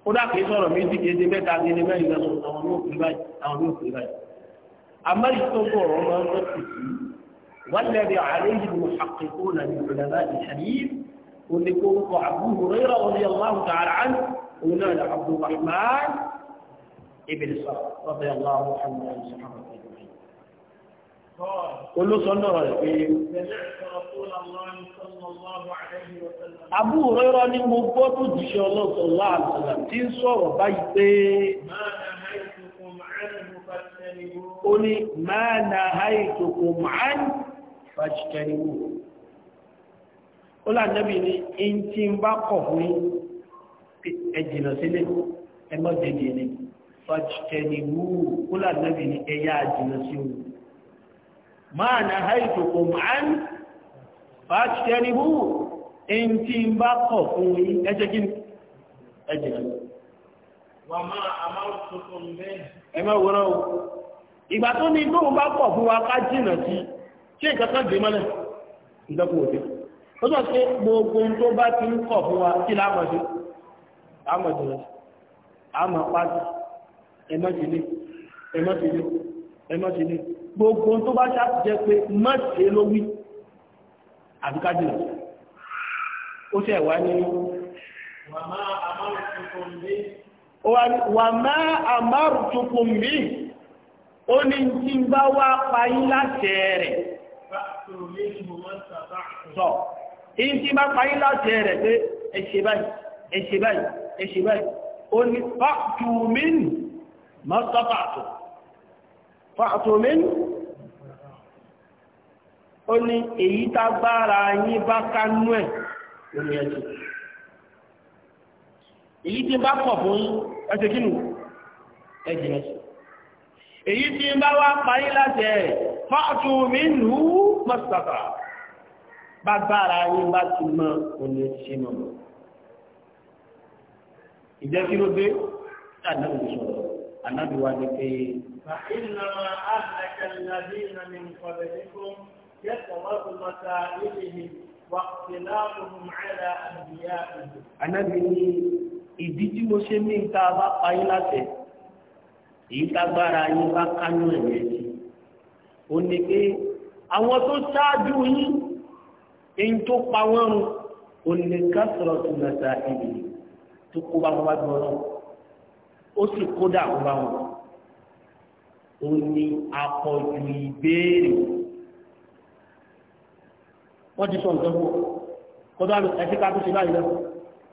kódà kìí sọ̀rọ̀ méjì kéde mẹ́ta kéde mẹ́rin lọ́sọ̀ àwọn yóò pè báyìí àwọn yóò pè báyìí. amẹ́rì tó bọ̀ ọ̀rọ̀ máa ń lọ sí i wàlẹ́rì àlejò àkẹ́kọ̀ọ́ nàní ìfẹ̀lẹ́lá ìṣàlíyìn oníkórúkọ Abu Hurairah radiyallahu ta'ala anhu òun náà ní Abdurrahman ibn Sakhr radiyallahu anhu olóṣọ́nà rẹ̀ pé Abu Hurairah ni mo gbọ́ tó jíṣẹ́ ọlọ́sọ̀ láàrùsọ̀lá tí ń sọ̀rọ̀ báyìí pé ó ní máa na àìtòkò máa ń fàjìkẹ̀ríwò ó láàrẹ́bì ní in ń bá kọ̀ fún ẹjìnà sílé ẹmọ́ jẹjẹ ní ó láàrẹ́bì ní ẹyà àjìnà sí ohun máa na haìtòkò máa ń bá ṣiṣẹ́ ní hù in tí ń bá kọ̀ fún yí ẹjẹ́ kí ẹjẹ́ kí wà máa àmáwò tuntun bẹ́ẹ̀ ẹ máa wọ́n náà ìgbà tó ní tóun bá kọ̀ fún wa ká jìnà sí ṣé nǹkan kan dé mọ́lẹ̀ ìdọ́kù òde ó sọ pé gbogbo tó bá ti ń kọ̀ fún wa kí lámọ̀dé lámọ̀dé rẹ̀ àmọ̀ pàtó ẹ má ti lé ẹ má ti lé ẹ má ti lé gbogbo tó bá ṣàtijẹ́ pé mọ́tẹ́ ló wí àbíkájú rẹ̀ ó ṣe wá ní wà máa àmárùtukùn mi ó ní tí ń bá wá payín láṣẹ rẹ̀ sọ èyí tí bá payín láṣẹ rẹ̀ pé ẹ ṣe báyìí ẹ ṣe báyìí ẹ ṣe báyìí ó ní fàtùmín mọ́sọ́fàtù fàtùmín ó ní èyí tágbára yín bá kánú ẹ̀ lórí ẹ̀sìn èyí tí ń bá pọ̀ fún ẹsẹ̀ kínú ẹ̀jìn ẹ̀sìn èyí tí ń bá wá parí láti ẹ̀ fọ́ọ̀tù mi nù ú mọ́sàkà bágbára yín bá ti mọ òní ṣe mọ́ ìjẹ́ kí ló dé ànábì sọ̀rọ̀ ànábì pé. fa ìlànà àlẹ́kẹ̀lẹ́ bí ìlànà ìkọ̀lẹ̀ nígbó. يتوارث مسائلهم واختلافهم على أنبيائهم Ànábì ní ìdí tí mo ṣe mí ta bá payé láṣẹ èyí tágbára yín bá kánú ẹ̀yẹ sí ó ní pé àwọn tó ṣáájú yín èyí tó pa wọ́n run ó ní ká tó nàta ìlú tó kó bá wọn gbọ́ náà ó sì kó dà wọn wọn ó ní àpọ̀jù ìbéèrè wọ́n ti sọ nǹkan fún ọ kọ́dọ̀ àlù ẹ̀sí ká tó ṣe báyìí lọ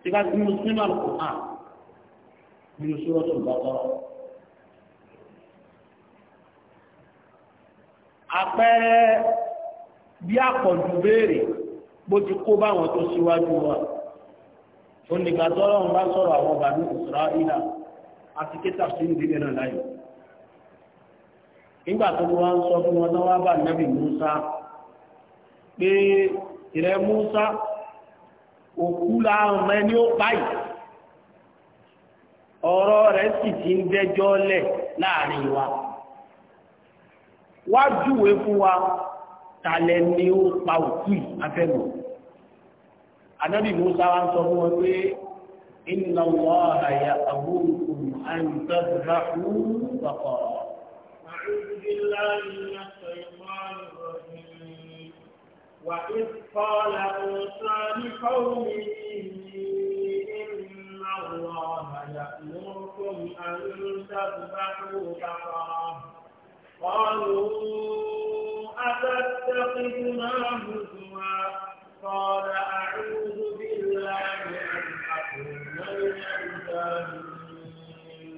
ṣe ká nínú sínú àlùkò hàn nínú sí ọ̀tún bàtọ́. àpẹẹrẹ bí àpọ̀jù béèrè bó ti kó báwọn tó síwájú wa onígbà tọ́lọ́ ń bá sọ̀rọ̀ àwọn bàbá Israẹla àti kéta sí ìdílé náà láyò nígbà tó wọ́n sọ fún wọn náà wá bá nàbì Musa pé ìrẹ́ Musa òkú láàrùn ẹni ó báyìí ọ̀rọ̀ rẹ̀ sì ti ń dẹjọ́ lẹ̀ láàrin wa wá júwe fún wa talẹ̀ ni ó pa òkú yìí afẹ́mọ̀ anábì Musa wa ń sọ fún wọn pé وإذ قال موسى لقومه إن الله يأمركم أن تذبحوا بقرة قالوا أتتخذنا هزوا قال أعوذ بالله أن أكون من الجاهلين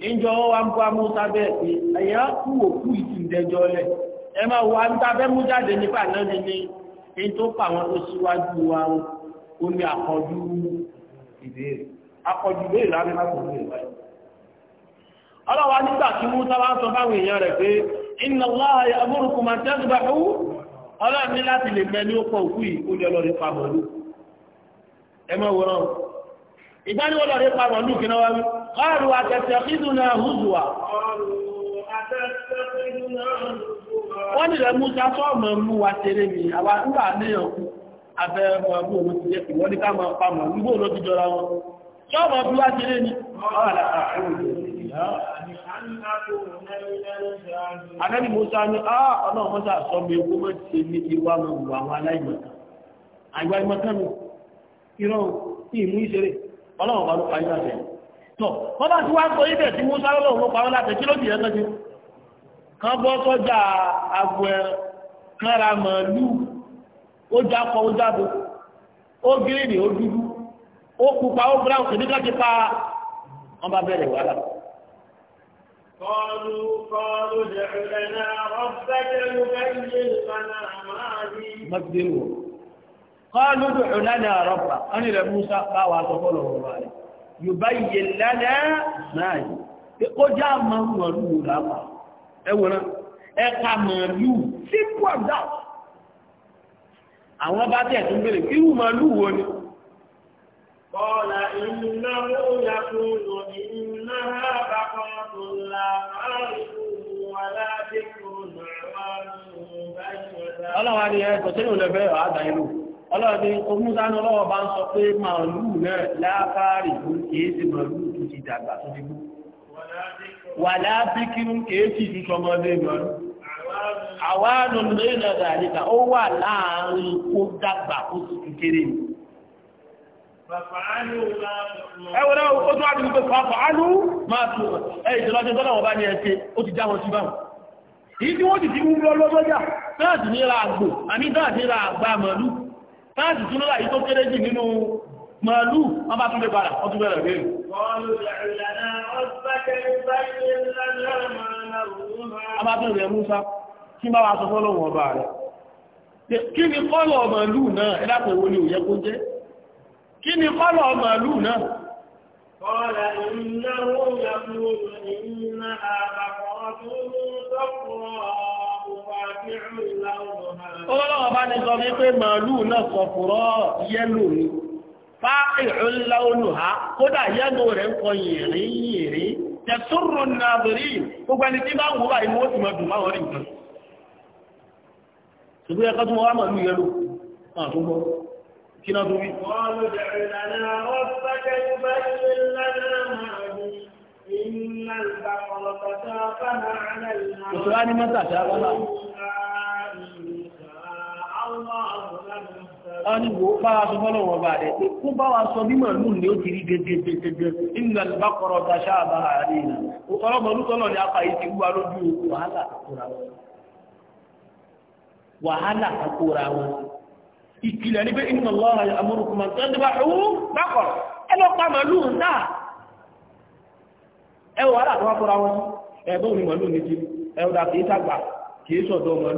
إن جوا أمكوا موسى بيتي أيا كوكو يتندجوا له ẹ máa wọ àbúta fẹ́ mú jáde nípa náà ni èyí tó pa àwọn tó síwájú wa ó ní akọjú ìbéèrè akọjú ìbéèrè lábẹ́ má kò ní ìwáyé. ọlọ́wà nígbà tí mú sábà ń sọ fáwọn èèyàn rẹ̀ pé inna Allaha ya'murukum an tadhbahu ọlọ́run ní láti lè mẹ́ ní ó pọ̀ òkú yìí ó ní ọlọ́rin pa mọ̀lú ẹ mọ̀ wòran ìgbàlẹ̀ ọlọ́rin pa kí náà wá wí qalu atattakhiduna huzwa. qalu atattakhiduna wọ́n nílẹ̀ múta sọ́ọ̀mọ̀ mú wa tẹ́rẹ mi àwa nígbà léyàn kú abẹ́ ọmọ ọmọ ti jẹ́ ìwọ́n ní ká máa pa mọ̀ nígbò ló ti jọra wọn sọ́ọ̀mọ̀ bí wá tẹ́rẹ ni Àdẹ́bì Musa ní àà ọ̀nà ọmọdé àsọ́mọ̀ ewu mọ́ ti ṣe ní ìwà mọ̀ wù àwọn aláìmọ̀ta. Àgbà ìmọ̀tánu, ìrọ̀ ìmú ìṣeré, ọlọ́run bá ló parí láti ẹ̀. Tọ́, wọ́n bá ti wá ń kọ ibẹ̀ tí Musa lọ́lọ́run ló parí láti kí ló dìyẹ́ tọ́jú. kan bọ́ sọ́jà àgbo ẹran kán ra ó jápọ̀ ó jábo ó gírínì ó dúdú ó pupa ó brown kìíní ká pa wọn bá bẹ̀rẹ̀ wàhálà. قالوا قالوا ادع لنا ربك يبين لنا ما هي قالوا ادع لنا ربك انا لموسى يبين لنا ما هي ẹwòrán ẹka màálù simple as that àwọn bá tẹ̀ tún bèrè irú màálù wo ni. Kọ́lá iná ó yà kúrò ní iná bá kan tó la máa rí fún wa náà wá ní ẹ sọ sínú lẹ́fẹ̀ẹ́ àádá ọlọ́ọ̀dẹ́ omúdánú ọlọ́wọ́ bá ń sọ pé màálù náà láàfáàrí fún kìí sí màálù tó ti dàgbà tó ti bú wà lábíkírún kéèkì ju sọmọdé mọ́ àwọn ànùnú ìlànà àríkà ó wà láàárín kó dàgbà ó sì kékeré ni ẹwọ́n ó tó àdúgbò pé pàápọ̀ alú máa tó ẹ̀yìn tó lọ́jọ́ tọ́lọ̀wọ̀ bá ní ẹ̀ṣẹ́ ó ti já wọn sí báwọn èyí tí wọ́n ti ti wúrọ lọ́lọ́jà táàtì ní ra àgbò àmì táàtì ra àgbà màálù táàtì tún lọ́la yìí tó kéré jì nínú màálù wọ́n bá tún lè padà wọ́n tún bẹ̀rẹ̀ bẹ̀rẹ̀ Abábẹ̀rẹ̀ Musa, kí bá wa sọ fọ́lọ́wọ̀ ọba rẹ̀. Kí ni kọ́lọ̀ ọmọ ìlú náà? Ẹlápẹ̀ wo ni òyẹ́ kó jẹ́? Kí ni kọ́lọ̀ ọmọ ìlú náà? Kọ́lá ìnáwó yàmúrò ìná àbàkọ́ tó ń tọ́kùrọ̀ fáìrún láúnù ha kódà yẹ́nu rẹ̀ ń kọ yìnrín yìnrín tẹ̀sùrù nàbìrí gbogbo ẹni tí bá ń wúwà inú ó sì mọ̀ dùn máwọn rí nǹkan ṣùgbọ́n ẹ̀kọ́ tí wọ́n wá mọ̀ ní yẹlò àtúgbọ́ kí náà ọ̀nìwò bá wa sọ fọ́lọ̀wọ̀ bá rẹ̀ kó bá wa sọ bí màlúù ní ó ti rí gẹ́gẹ́gẹ́gẹ́ iná bákọ̀rọ̀ tàṣà bá rẹ̀ nà ọlọ́mọ olúkọ́lọ̀ ní apá yìí ti wúwa lójú wàhálà àkóra wọn ìkìlẹ̀ ní pé iná lọ́rọ̀ tó ń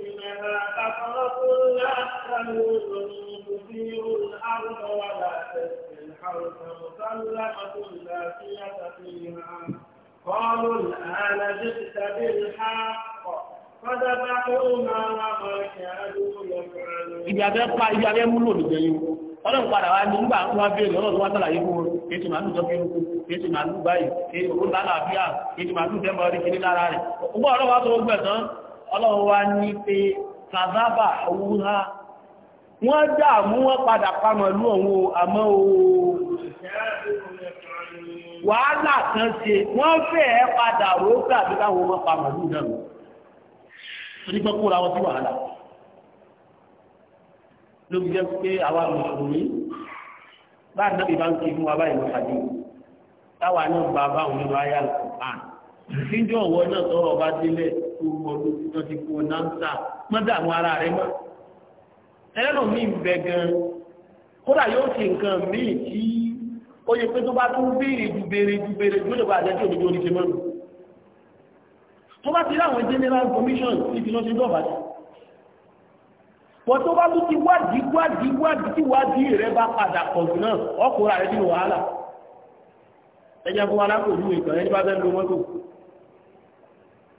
أفرقوا قالوا الآن جئت بالحق فذبحوا ما وما كانوا يفعلون إذا بقى إذا بقى ọlọ́run padà wá ní nígbà tó wá béèrè ọlọ́run wá sàlàyé fún wọn ètò màálù tó fi rúkú ètò màálù orí lára rẹ̀ ọgbọ́n ọlọ́run wá tó kàzábà òwúhá wọ́n dààmú wọ́n padà pamọ̀lú ọ̀hún àmọ́ ooo wàhálà kan ṣe wọ́n fẹ́ẹ̀ padà rò tàbí káwọn ọmọ pamọ̀lú náà onígbọ́n kóra wọn sí wàhálà ló fi jẹ́ pé àwa mùsùlùmí bá nàbì bá ń kí fún wa báyìí ló fàdí táwa náà gba báwọn nínú ayé àlùkò àn ìfíjọ́ ọ̀wọ́ náà tọrọ ọba délẹ̀ kó wọn lójú tó ti kó náńsà mọ́tà àwọn ara rẹ mọ́ ẹlẹ́lòmíì ń bẹ gan kódà yóò ṣe nǹkan míì tí ó yẹ pé tó bá tún béèrè ju béèrè ju béèrè ju lè bàjẹ́ tí òdodo oníṣe mọ́nu tó bá ti rí àwọn general commission níbi náà ṣe dọ́ọ̀bà sí wọ́n tó bá tún ti wádìí wádìí wádìí tí wádìí rẹ bá padà pọ̀ jù náà ọkùnrin rẹ nínú wàhálà ẹ̀jẹ̀ fún wa lápò ojú ìtàn ẹni bá fẹ́ lo mọ́tò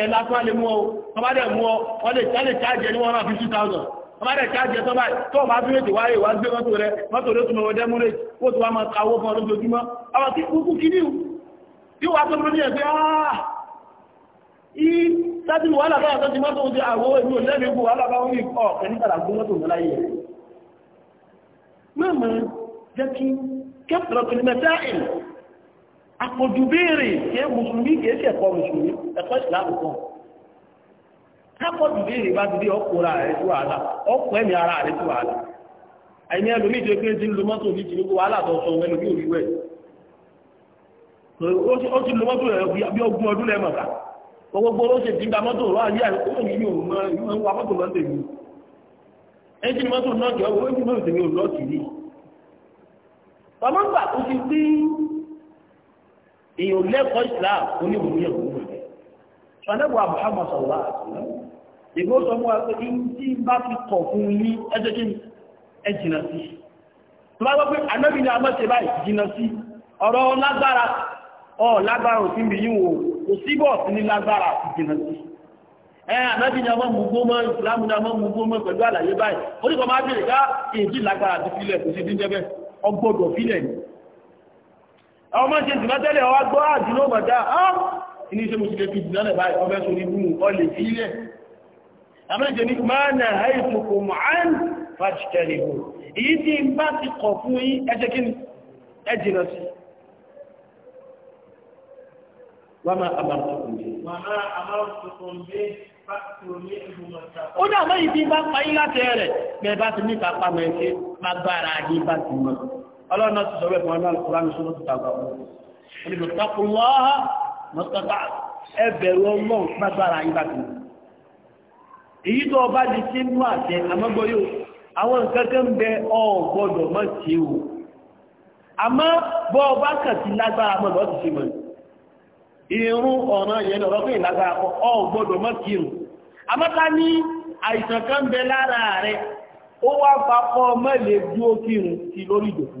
ẹ̀ lásán lè mú ọ wọ́n bá dẹ̀ mú ọ wọ́n lè tẹ́lẹ̀ chájẹ ní one hundred fifty thousand wọ́n bá dẹ̀ chájẹ tó bá tó bá tún ètò wáyé wá gbé mọ́tò rẹ mọ́tò rẹ tún lọ́wọ́ dẹ́múrè ó ti wá máa ka owó fún ọ lójoojúmọ́ àwọn tí kúkú kí níwò tí wàá tó lórí ẹgbẹ́ áá í sáájú wàhálà báyà tó ti mọ́tò ti àwọ̀ èmi ò lẹ́nu ikú wàhálà bá wọn ọ̀ ẹni tàrà gún mọ́tò mọ́ láyé mọ́mọ́ jẹ́ kí kẹ́pìlọ́pìlì mẹ́tẹ́ àpọ̀jù béèrè kìí mùsùlùmí kìí ṣe ẹ̀kọ́ mùsùlùmí ẹ̀kọ́ ìsìláàmù kan kápọ̀jù béèrè bá ti dé ọkọ̀ ara rẹ̀ sí wàhálà ọkọ̀ ẹ̀mí ara rẹ̀ sí wàhálà àìní ẹlòmíì tó pé ti ń lo mọ́tò ní tìlú wàhálà tó sọ ọmọ ẹlòmíì òwúwẹ̀ ó ti lo mọ́tò rẹ̀ bí ogún ọdún lẹ́mọ̀ká gbogbo ó ṣe ti gba mọ́tò rọ àyè àyè ó ń wa mọ́tò èyí ò lẹ́kọ̀ọ́ islam oníwòye ìwòye rẹ̀ ṣọlẹ́wà muhammad sọ̀rọ̀ àtúnlẹ̀ ìgbó sọ mú wa pé tí bá ti kọ̀ fún yí ẹjọ́ kí ẹ jìnà sí tó bá gbọ́ pé anábì ní amọ́sẹ̀ báyìí jìnà sí ọ̀rọ̀ lágbára ọ̀ lágbára òfin bí yíwò kò síbọ̀ sí ní lágbára àti jìnà sí ẹ anábì ní amọ́ mú gbómọ́ ìsìlámù ní amọ́ mú gbómọ́ pẹ̀lú àlàyé báyìí oníkọ̀ máa bèèrè ká èjì lágbára àti fílẹ̀ kò sí díjẹ́ bẹ́ẹ̀ ọgbọ́dọ̀ fílẹ̀ àwọn máa ń ṣe ìdìmọ́ tẹ́lẹ̀ ọwá gbọ́ àdúró ah, mọ̀dá ah! ní ṣe mùsùlùmí fi ìdìmọ́ lẹ̀ báyìí ọmọ ẹ̀sùn ìbú ọlẹ̀ fi ilẹ̀ àmẹ́jẹ ní máa nà àìsùnkù mọ̀án fàjìkẹ̀lẹ̀ ìbò èyí tí ń bá ti kọ̀ fún yí ẹjẹ́ kí ẹ jìnà sí wọ́n máa ọlọ́run náà ti sọ bẹ́ẹ̀ fún ọlọ́run Al-Qur'an ní sọ́dọ̀ tó tàgbà wọn ní kò takùn lọ́ha mọ́tàbà ẹ bẹ̀rù ọlọ́run gbàgbára yín bá kìí èyí tó ọba di sí mú àtẹ àmọ́gbọ́ yóò àwọn nǹkan kan bẹ ọ gbọ́dọ̀ mọ́ sí o àmọ́ bọ́ ọba kàn sí lágbára mọ́ lọ́ọ́ ti ṣe mọ́ irun ọ̀ràn yẹn lọ́rọ́ pé ìlágbára kọ ọ gbọ́dọ̀ mọ́ sí o àmọ́ ká ní àìsàn kan bẹ lára rẹ ó wá papọ̀ mọ́ lè dúó kírun sí lórí ìdòkú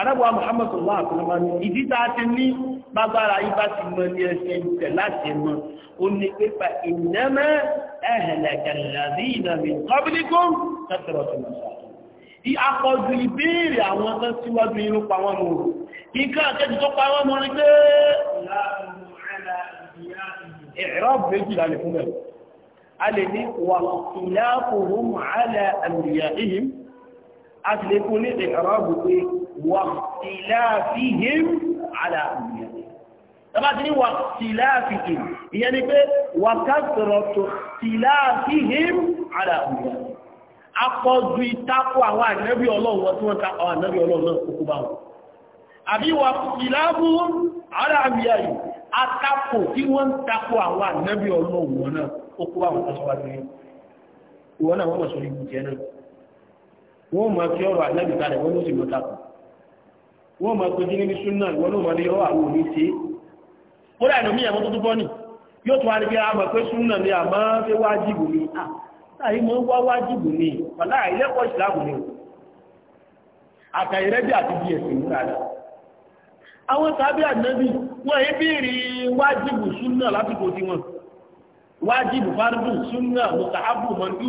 arábùwà muhammad allah akọlọmọ ni ìdí tá a ti ní bábára yí bá ti mọ ní ẹsẹ̀ ìtẹ̀ láti mọ ó ní pépà ìnẹ́mẹ́ ẹ̀hẹ̀lẹ̀kẹ̀lẹ̀dí ìnàmì kọ́bílíkùn tẹ́tẹ̀rọ̀ tó mọ̀ sáà tí ní wà ìyá kòhùn àlẹ́ àmìyà ìhìn a sì lè fún ní ẹ̀rọ gbogbo wàtíláàfihìm aláàmìyàn tàbá ti ní wàtíláàfihìm ìyẹn ni pé wàkásìrọ̀tò tíláàfihìm aláàmìyàn apọ̀jù ìtakò àwọn ànábì ọlọ́run tí wọ́n ta àwọn ànábì ọlọ́run náà kókó bá wọn àbí wàtíláàfù aláàmìyàn atakò tí wọ́n takò àwọn ànábì ọlọ́run náà kókó bá wọn tẹ́síwájú ìwọ́n náà wọ́n mọ̀ ọ̀rọ̀ ànábì kalẹ̀ wọ́n ló sì mọ̀ takò wọ́n máa pèjì níbi súnà ìwọ̀n náà wọlé ọ́ àwọn òní ṣe ó dà ìlòmí ẹ̀mọ́ tó tó bọ́ nì yóò tún arígbé àmà pé súnà ni àmà fẹ́ wájìbù ni àtàrí mọ́ wá wájìbù ni pàlá ilẹ́kọ̀ọ́ ìsìláàmù ni àtàìrẹ́bí àti bí ẹ̀sìn múra rẹ̀ àwọn tàbí ànábì wọ́n yé bèèrè wájìbù súnà lásìkò tí wọ́n wájìbù fárúbù súnà mùsàábù mọ̀ndù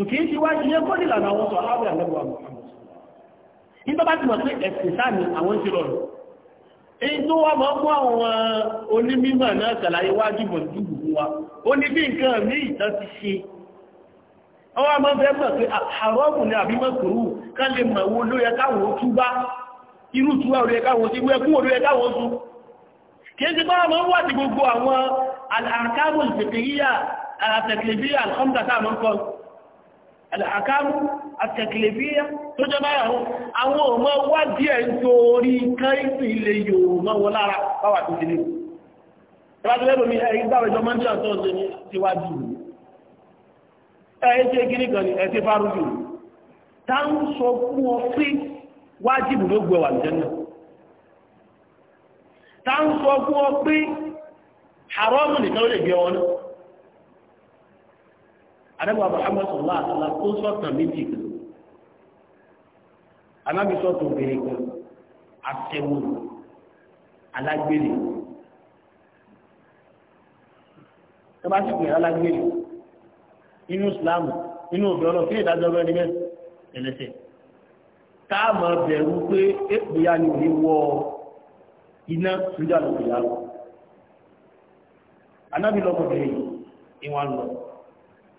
sòkè ń ti wá ilé kọ́lì lànà àwọn sọ ààbò àlẹ́wà Muhammad nígbà bá ti mọ̀ pé ẹ̀sìn sáàmì àwọn ti rọrùn èyí tó wá máa mú àwọn onímọ̀ náà ṣàlàyé wájú mọ̀júbù fún wa ó ní bí nǹkan ní ìtàn ti ṣe ọwọ́ máa fẹ́ mọ̀ pé àrọ́bù ni àbí mọ́kùrù ká lè mọ̀ wo ló yẹ káwọn ó túbá irú túbá ó yẹ káwọn ó ti wẹ́kún ó yẹ káwọn ó tún kìí ti bára máa ń àkámú àtẹ̀kìlẹ̀bíyà tó jẹ báyàwó àwọn ọmọ wá díẹ̀ nítorí káìsì ilẹ̀ yòòmọ́ wọ lára báwà tó délé ìbájúlẹ́bùnmi kan tá ń sọ fún ọ pé wájìbù nìkan lè náà adébọ̀ Muhammad sọ̀lá àtàlà tó sọ̀tàn méjì kan alábìsọ̀tàn obìnrin kan aṣẹ́wó alágbèrè tọ́ba sì pè alágbèrè inú Ìsìlámù inú òbí ọlọ́ kí ìdájọ́ ọgbẹ́ ni mẹ́rin ẹlẹ́sẹ̀ táàmù bẹ̀rù pé èpìyà ni òní wọ iná níjà lókè yàrá anábìlọ́kọ̀ bẹ̀rẹ̀ ìwọ̀n lọ́wọ́.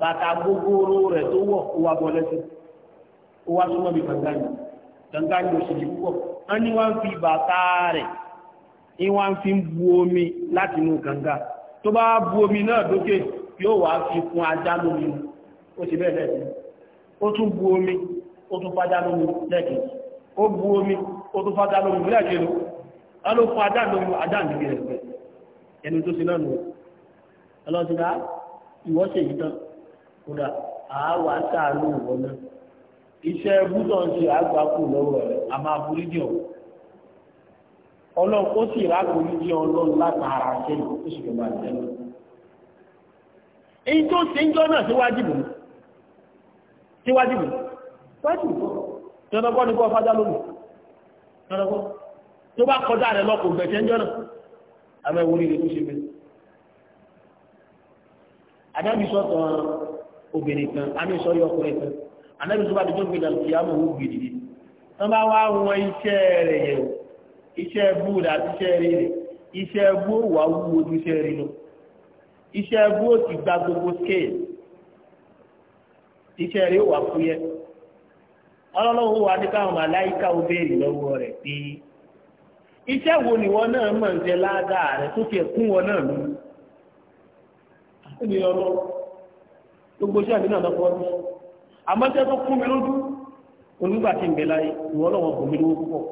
bàtà gbogbooro rẹ̀ tó wọ̀ kó wa bọ́ lẹ́sẹ̀ kó wa súnmọ́ bí gbàgbà yìí gbàgbà yìí òsì yìí púpọ̀ wọ́n ní wọ́n fi bàtà rẹ̀ ní wọ́n fi ń bu omi láti inú gàngà tó bá bu omi náà dókè yóò wá fi fún ajá lómi ó sì bẹ́ẹ̀ lẹ́sẹ̀ ó tún bu omi ó tún fájá lómi lẹ́kẹ̀ẹ́ ó bu omi ó tún fájá lómi lẹ́kẹ̀ẹ́ ló ló fún ajá lómi ajá nìgbẹ̀rẹ̀ ẹni tó sí náà nù ọlọ́sìn ìwọ́sẹ̀ yìí tán kódà àáwà sáàlù wọn náà iṣẹ́ bútọ̀ ń ṣe àgbà kù lọ́wọ́ rẹ̀ a máa burú jì ọ́ ọlọ́run ó sì rákòrí jì ọ́ lọ́run látara ṣe ó sì fẹ́ máa jẹ́ lọ. èyí tó ṣe ń jọ́ náà síwájú bò síwájú bò síwájú bò tọ́lọ́kọ́ ni kò fájá lónìí tọ́lọ́kọ́ tó bá kọjá rẹ̀ lọ́kọ̀ gbẹ̀ṣẹ̀ ń jọ́ náà àmọ́ ìwúrí rẹ̀ tó ṣe bẹ́ẹ̀. àdábìsọ̀tàn obìnrin kan àmì ìsọ̀rí ọkùnrin kan ànábì tó bá dé jókòó ìdàlù kí á mọ̀ wọ́n gbìdì ní. wọ́n bá wá wọn iṣẹ́ rẹ̀ yẹ̀ wò iṣẹ́ bú àti iṣẹ́ rí rẹ̀ iṣẹ́ bú wà wúwo ju iṣẹ́ rí lọ iṣẹ́ bú ó ti gba gbogbo scale iṣẹ́ rí wà fúyẹ́ ọlọ́lọ́wọ́ wa ní káwọn màláìka ó béèrè lọ́wọ́ rẹ̀ pé iṣẹ́ wo ni wọn náà mọ̀ ń jẹ ládàá rẹ̀ tó tiẹ̀ kún wọn náà lù. àti mi ọlọ́wọ́ gbogbo iṣẹ́ mi náà lọ́kọ́ ọdún àmọ́jẹ́ tó kún mi lójú onígbà tí ń bẹ láyé ìwọ lọ́wọ́ kò mí lówó púpọ̀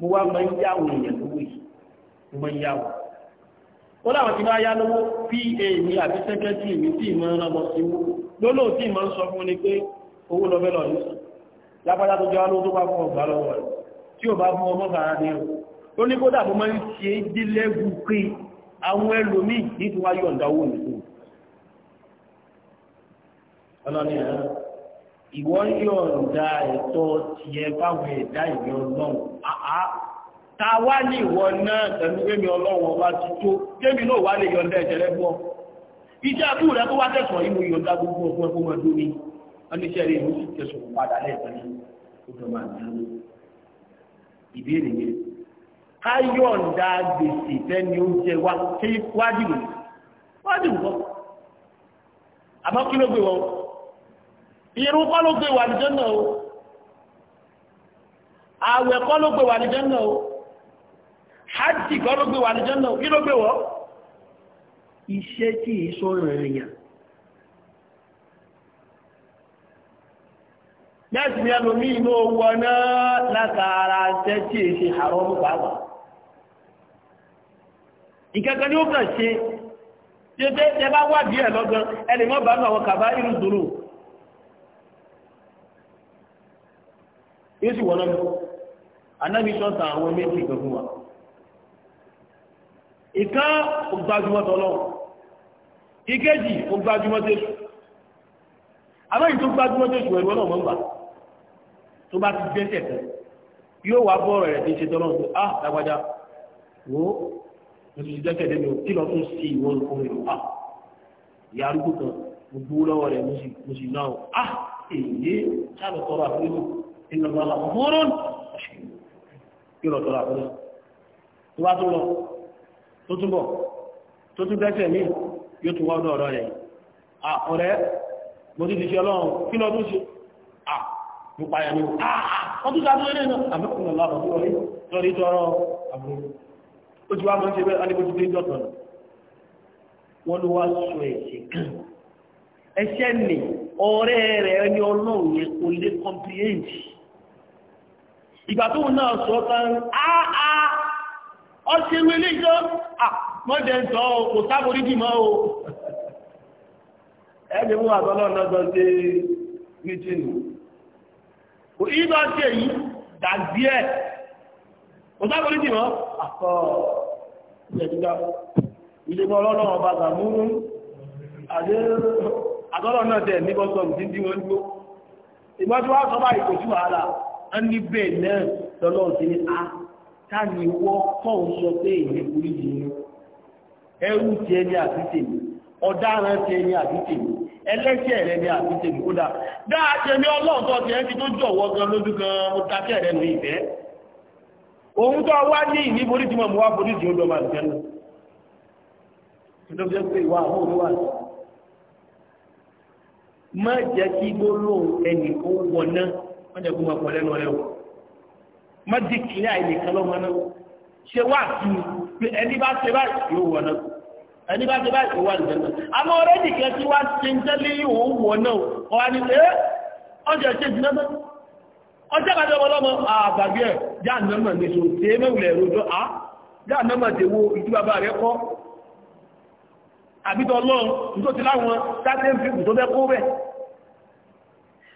mo wá máa ń yá àwọn èèyàn lówó yìí mo máa ń yá wọn. ó láwọn tí máa yá lówó pa mi àbí sẹ́kẹ́tì mi tí ìmọ̀ ń lọ sí mú lólóò tí ìmọ̀ ń sọ fún ni pé owó lọ fẹ́ lọ yìí sùn lápájá tó jẹ́ wá lówó tó bá fún ọgbà lọ́wọ́ rẹ̀ tí ò bá fún ọmọ bàrà ni o ó ní kódà mo máa ń ṣe é pé àwọn ẹlòmíì nítorí wáyọ̀ ọ̀dà owó ọlọ́ni ẹ̀ ìwọ yóò da ẹ̀tọ́ tiẹ̀ fáwọn ẹ̀dá ìwé ọlọ́run àá ta wá ní ìwọ náà tẹ̀lú gbẹ́mi ọlọ́run ọba ti tó gbẹ́mi náà wá lè yọ̀ǹda ẹ̀jẹ̀ rẹ bọ́ iṣẹ́ àbúrò rẹ tó wá tẹ̀sán yìí mo yọ̀ǹda gbogbo ọkùn ẹ̀kọ́ máa dún ní oníṣẹ́ rẹ ìlú sì tẹ̀sán padà lẹ́ẹ̀kan ní ọjọ́ máa dúró ìbéèrè yẹn ká yọ̀ǹda gbèsè fẹ́ni oúnjẹ wa ṣé wájú wájú nǹkan àmọ́ kí ló gbé wọn irú kọ́ ló gbé wà ní jẹ́nà o àwẹ̀ kọ́ ló gbé wà ní jẹ́nà o hajj kọ́ ló gbé wà ní jẹ́nà o kí ló gbé wọ́ iṣẹ́ tí ìṣọ́rọ̀ èèyàn lẹ́sìn ni ẹlòmí inú owó náà látara iṣẹ́ tí èṣe àrọ́ mú ìkẹ́kẹ́ ni ó kàn ṣe tí ó tẹ́ bá wádìí ẹ̀ lọ́gán ẹni mọ́ bá náà wọn kàbá irú dùrù yóò sì wọ́n lọ́dún anábì sọ́ta àwọn méjì kan fún wa ìka ògbájúmọ́ tọ́lọ́ ìkejì ògbájúmọ́ tẹ̀sù àbẹ́yìn tó gbájúmọ́ tẹ̀sù ẹ̀rọ náà mọ́ ń bà tó bá ti gbẹ́sẹ̀ tẹ̀ yóò wá bọ́ ọ̀rọ̀ rẹ̀ tí ń ṣe tọ́lọ́ pé ah lágbájá wo mo ti gbẹ́sẹ̀ lẹ́nu kí lọ tún sí ìwọ ọkùnrin rẹ̀ ah ìyá arúgbó kan gbogbo lọ́wọ́ rẹ̀ mo sì náà ah èyí sálọ̀ tọrọ àfúrúgbò inú ọlọ́lá ọmọrún yóò tọrọ àkọ́lẹ̀ tó bá tó lọ tó túbọ̀ tó tún bẹ́sẹ̀ mí yóò tún wọ́n ọ̀rọ̀ rẹ̀ à ọ̀rẹ́ mo ti dìṣẹ́ ọlọ́run kí lọ tún ṣe à mo payà ní wọ́n tún sáà tó lé náà àbẹ́kùn ọ̀la ọ̀tún wọlé lọ́rí tọrọ àbúrò ó ti wá mọ́ ṣe bẹ́ẹ̀ alẹ́kùn ti dé dọ̀tọ̀ wọ́n ló wá sọ ẹ̀ṣẹ̀ kan ẹ̀ṣẹ̀ ni ọ̀rẹ́ rẹ̀ ẹni ọlọ́run yẹn kò lè comprehend ìgbà tó wọn náà sọ tán áá ọṣẹ́wé léjọ́ mọ́jẹ̀ ń sọ kò sáborí dì mọ́ o ẹni mú àtọ́lọ́ lọ́dọ̀ dé mítìnì kò ìbá ṣe yìí dàbí ẹ̀ kò sáborí dì mọ́ àkọ́ ìjẹ̀dúgá ilé mọ́ ọlọ́run ọba sàmúrú àtọ́lọ́ náà tẹ̀ ní bọ́sọ̀rù dídí wọn gbó ìgbọ́n tí wọ́n sọ báyìí kò sí wàhálà wọ́n ní bẹ́ẹ̀ náà lọ́lọ́run ti ní a táàmì wọ́ kọ́ọ̀n sọ pé èyí orí yìí ẹrú ti ẹni àti tèmi ọ̀daràn ti ẹni àti tèmi ẹlẹ́ṣẹ̀ rẹ ni àti tèmi kódà dáadé ní ọlọ́run tó ti ẹni tó jọ̀wọ́ gan lójú gan mo ta kẹ́ rẹ nù ìfẹ́ òun tó wá ní ìní boríjì mọ̀ mọ́ wá boríjì ó dọ́mà ìfẹ́ nù lọ́jọ́ pé ìwà àwọn olówà sí má jẹ́ kí gbólóhùn ẹnì kan wọ̀ náà wọ́n jẹ́ kó máa pọ̀ lẹ́nu ọ̀rẹ́ o má dì kìlẹ̀ àìlèkan lọ́mọ náà ṣe wá sí i pé ẹni bá ṣe báyìí yóò wọ̀ náà ẹni bá ṣe báyìí yóò wà lùdẹ́ náà àmọ́ ọ̀rẹ́ nìkan tí wá ṣe ń tẹ́lẹ̀ yóò wọ̀ náà ọ̀wá ni ẹ́ ọjọ́ ṣe jìnnà náà ọjọ́ bá jọmọ lọ́mọ àbàbí ẹ̀ já nọ́mọ̀ nìṣó tẹ́ mẹ́wùlẹ̀ rojọ́ á já nọ́mọ̀ tẹ́ wo ìdí bàbá rẹ kọ́ àbítọ́ ọlọ́run tó ti láwọn sáté ń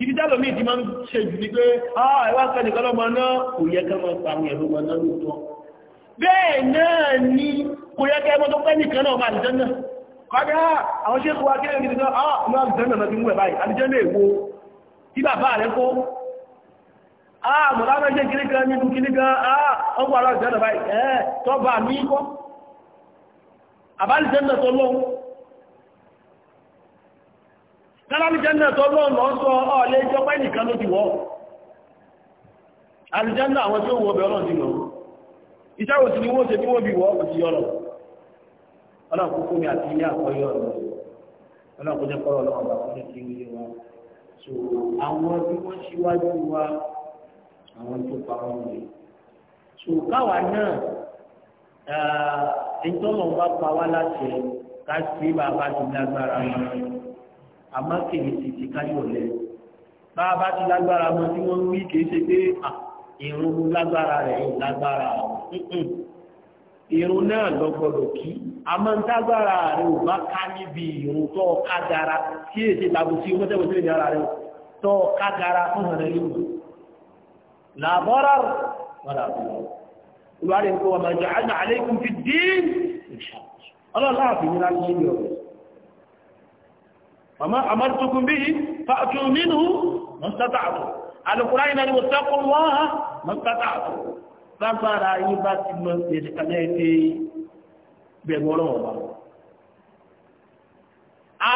ibi dálò míì ti máa ń ṣe jù ní pé ah, ẹwà kẹ́nìkan lọ́mọ náà kò yẹ kẹ́ máa pa àwọn ẹ̀rọ ọmọ náà lóòótọ́ bẹ́ẹ̀ náà ni kò yẹ kẹ́ mọ́tọ́ kẹ́nìkan náà máa àlìjẹ́ náà kọjá àwọn ṣe kọwàá kẹ́rẹ́ ìrìnà àwọn àlìjẹ́ náà ti mú ẹ̀ báyìí àlìjẹ́ náà èwo tí bàbá rẹ̀ kó àmọ̀lára jẹ́ kiri kan nínú kiri kan ah, ọgbọ̀ kálálùjẹ́nà tó lọ́n lọ sọ ọ̀lẹ́ ìjọpẹ́ nìkan ló ti wọ́ alùjẹ́nà àwọn tí ó wọ́ bẹ̀ ọlọ́n ti lọ iṣẹ́ òsì ni wọ́n ṣe tí wọ́n bí wọ́ òsì yọ́lọ̀ ọlọ́kùnkùn ni àti ilé àkọyọ́ ọ̀rọ̀ ọlọ́kùnjẹ́ kọ́rọ̀ ọlọ́wọ́ bá fún ẹ̀kí ilé wa so àwọn tí wọ́n ṣíwájú wa àwọn tó pa wọn rè so káwa náà ẹ̀ẹ́dọ́lọ́ bá pa wá láti ẹ̀ ká sí bàbá ti lágbára wọn àmọ́ kèmí ti ti káyọ̀ lẹ̀ bá a bá ti lágbára mọ́ tí wọ́n ń wí kìí ṣe pé ìrun lágbára rẹ̀ lágbára ọ̀hún ìrun náà lọ gbọdọ̀ kí àmọ́ ntágbára rẹ̀ ò bá ká níbi ìrun tó ká gara tí èsì làbùsí mọ́tẹ́mọ́tẹ́ ní ara rẹ̀ tó ká gara fún ọ̀rẹ́ lóògùn làbọ́rọ̀ wọ́dà bọ́rọ̀ olùwárí nǹkan wà máa jẹ́ àjọ àlékún fi dín ìṣàkóso ọlọ́lá àfihàn láti ṣe ní فما أمرتكم به فأتوا منه ما استطعتم القرآن أن واتقوا الله ما استطعتم فانفارا يبات يسكنيتي بمولو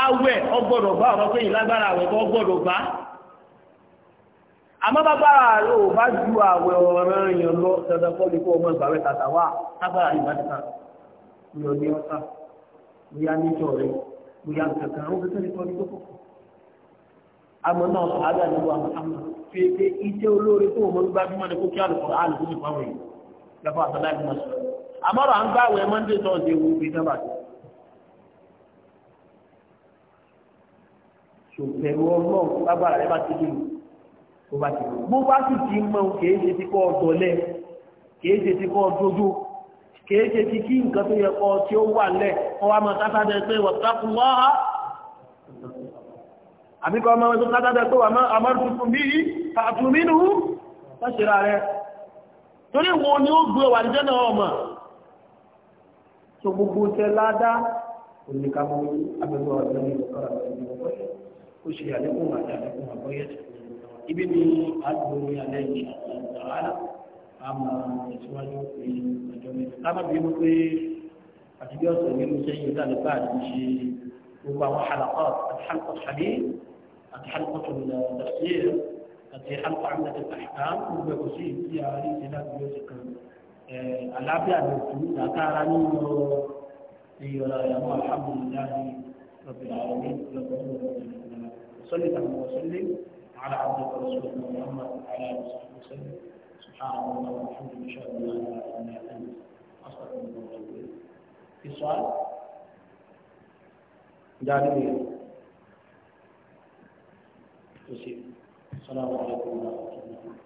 àwẹ̀ ọgbọ́dọ̀ bá ọ̀rọ̀ pé ìlágbára àwẹ̀ tó ọgbọ́dọ̀ bá àmọ́ bàbára rẹ̀ ò bá ju àwẹ̀ ọ̀rọ̀ èèyàn lọ dandan kọ́ ní kó ọmọ ìgbàwẹ̀ tàtàwà lágbára ìbátan ní ọdún ọ̀sán bóyá nǹkan àwọn tó tẹ́lẹ̀ kọ́ ní tó kọ̀kọ́. àmọ́ náà sọ àgbà nínú àwọn àmọ́ fèèfèé iṣẹ́ olóore tó wọn gbá bí mọ́ni kó kí àlùkò àlù tó ti fáwọn yìí lọ́pọ̀ àtàlà ìgbìmọ̀ sọ. àmọ́rọ̀ à ń gbàwẹ̀ monday thursday wo bí sábà tó. ṣòfẹ̀rù ọlọ́run lágbára rẹ bá ti dùn bó bá ti mọ bó bá sì ti mọ kèé ti kọ́ ọ̀dọ́lẹ̀ kèé ti kọ́ ọdójú kéèké ti kí nǹkan tó yẹ kọ tí ó wà lẹ̀ kọ́ wa máa sátádẹ pé wọ̀tákùn wọ́ ha àbí kọ́ máa tó sátádẹ pé wà máa rú fún bí i fàtún nínú fẹ́ṣẹ̀rà rẹ̀ torí wo ni ó gbé wà níjẹ́ náà ọmọ tó gbogbo tẹ ládá oníkàmọ́ abẹ́gbẹ́ ọ̀dọ́ ní ọ̀rọ̀ ó ṣe àlékún àti àlékún àgbọ́yẹ̀ ibi ni àgbòrin a máa tẹ̀síwájú pé ọjọ́ mẹ́ta ká má bínú pé àti bí ọ̀sẹ̀ nínú sẹ́yìn ìdálẹ́gbà àti ṣe gbogbo àwọn àlàkọ́ àti àlùkọ́ ṣàdé àti àlùkọ́ tó lọ lọ́sẹ̀ àti àlùkọ́ àmì àti àṣìkà gbogbo ẹ̀kọ́ sí ìdí àárín ìṣẹ̀lẹ̀ àti ọ̀sẹ̀ kan àlàáfíà ló kú látara nínú ìyọ̀rọ̀ ìyàwó alhamdulilayi rabbil alamin lọ́kọ̀ọ́ وصلي اللهم وسلم على عبدك ورسولك محمد وعلى اله وصحبه وسلم سبحانه الله والحمد لله شاء الله لا اله الا انت استغفرك واتوب السلام عليكم ورحمه الله وبركاته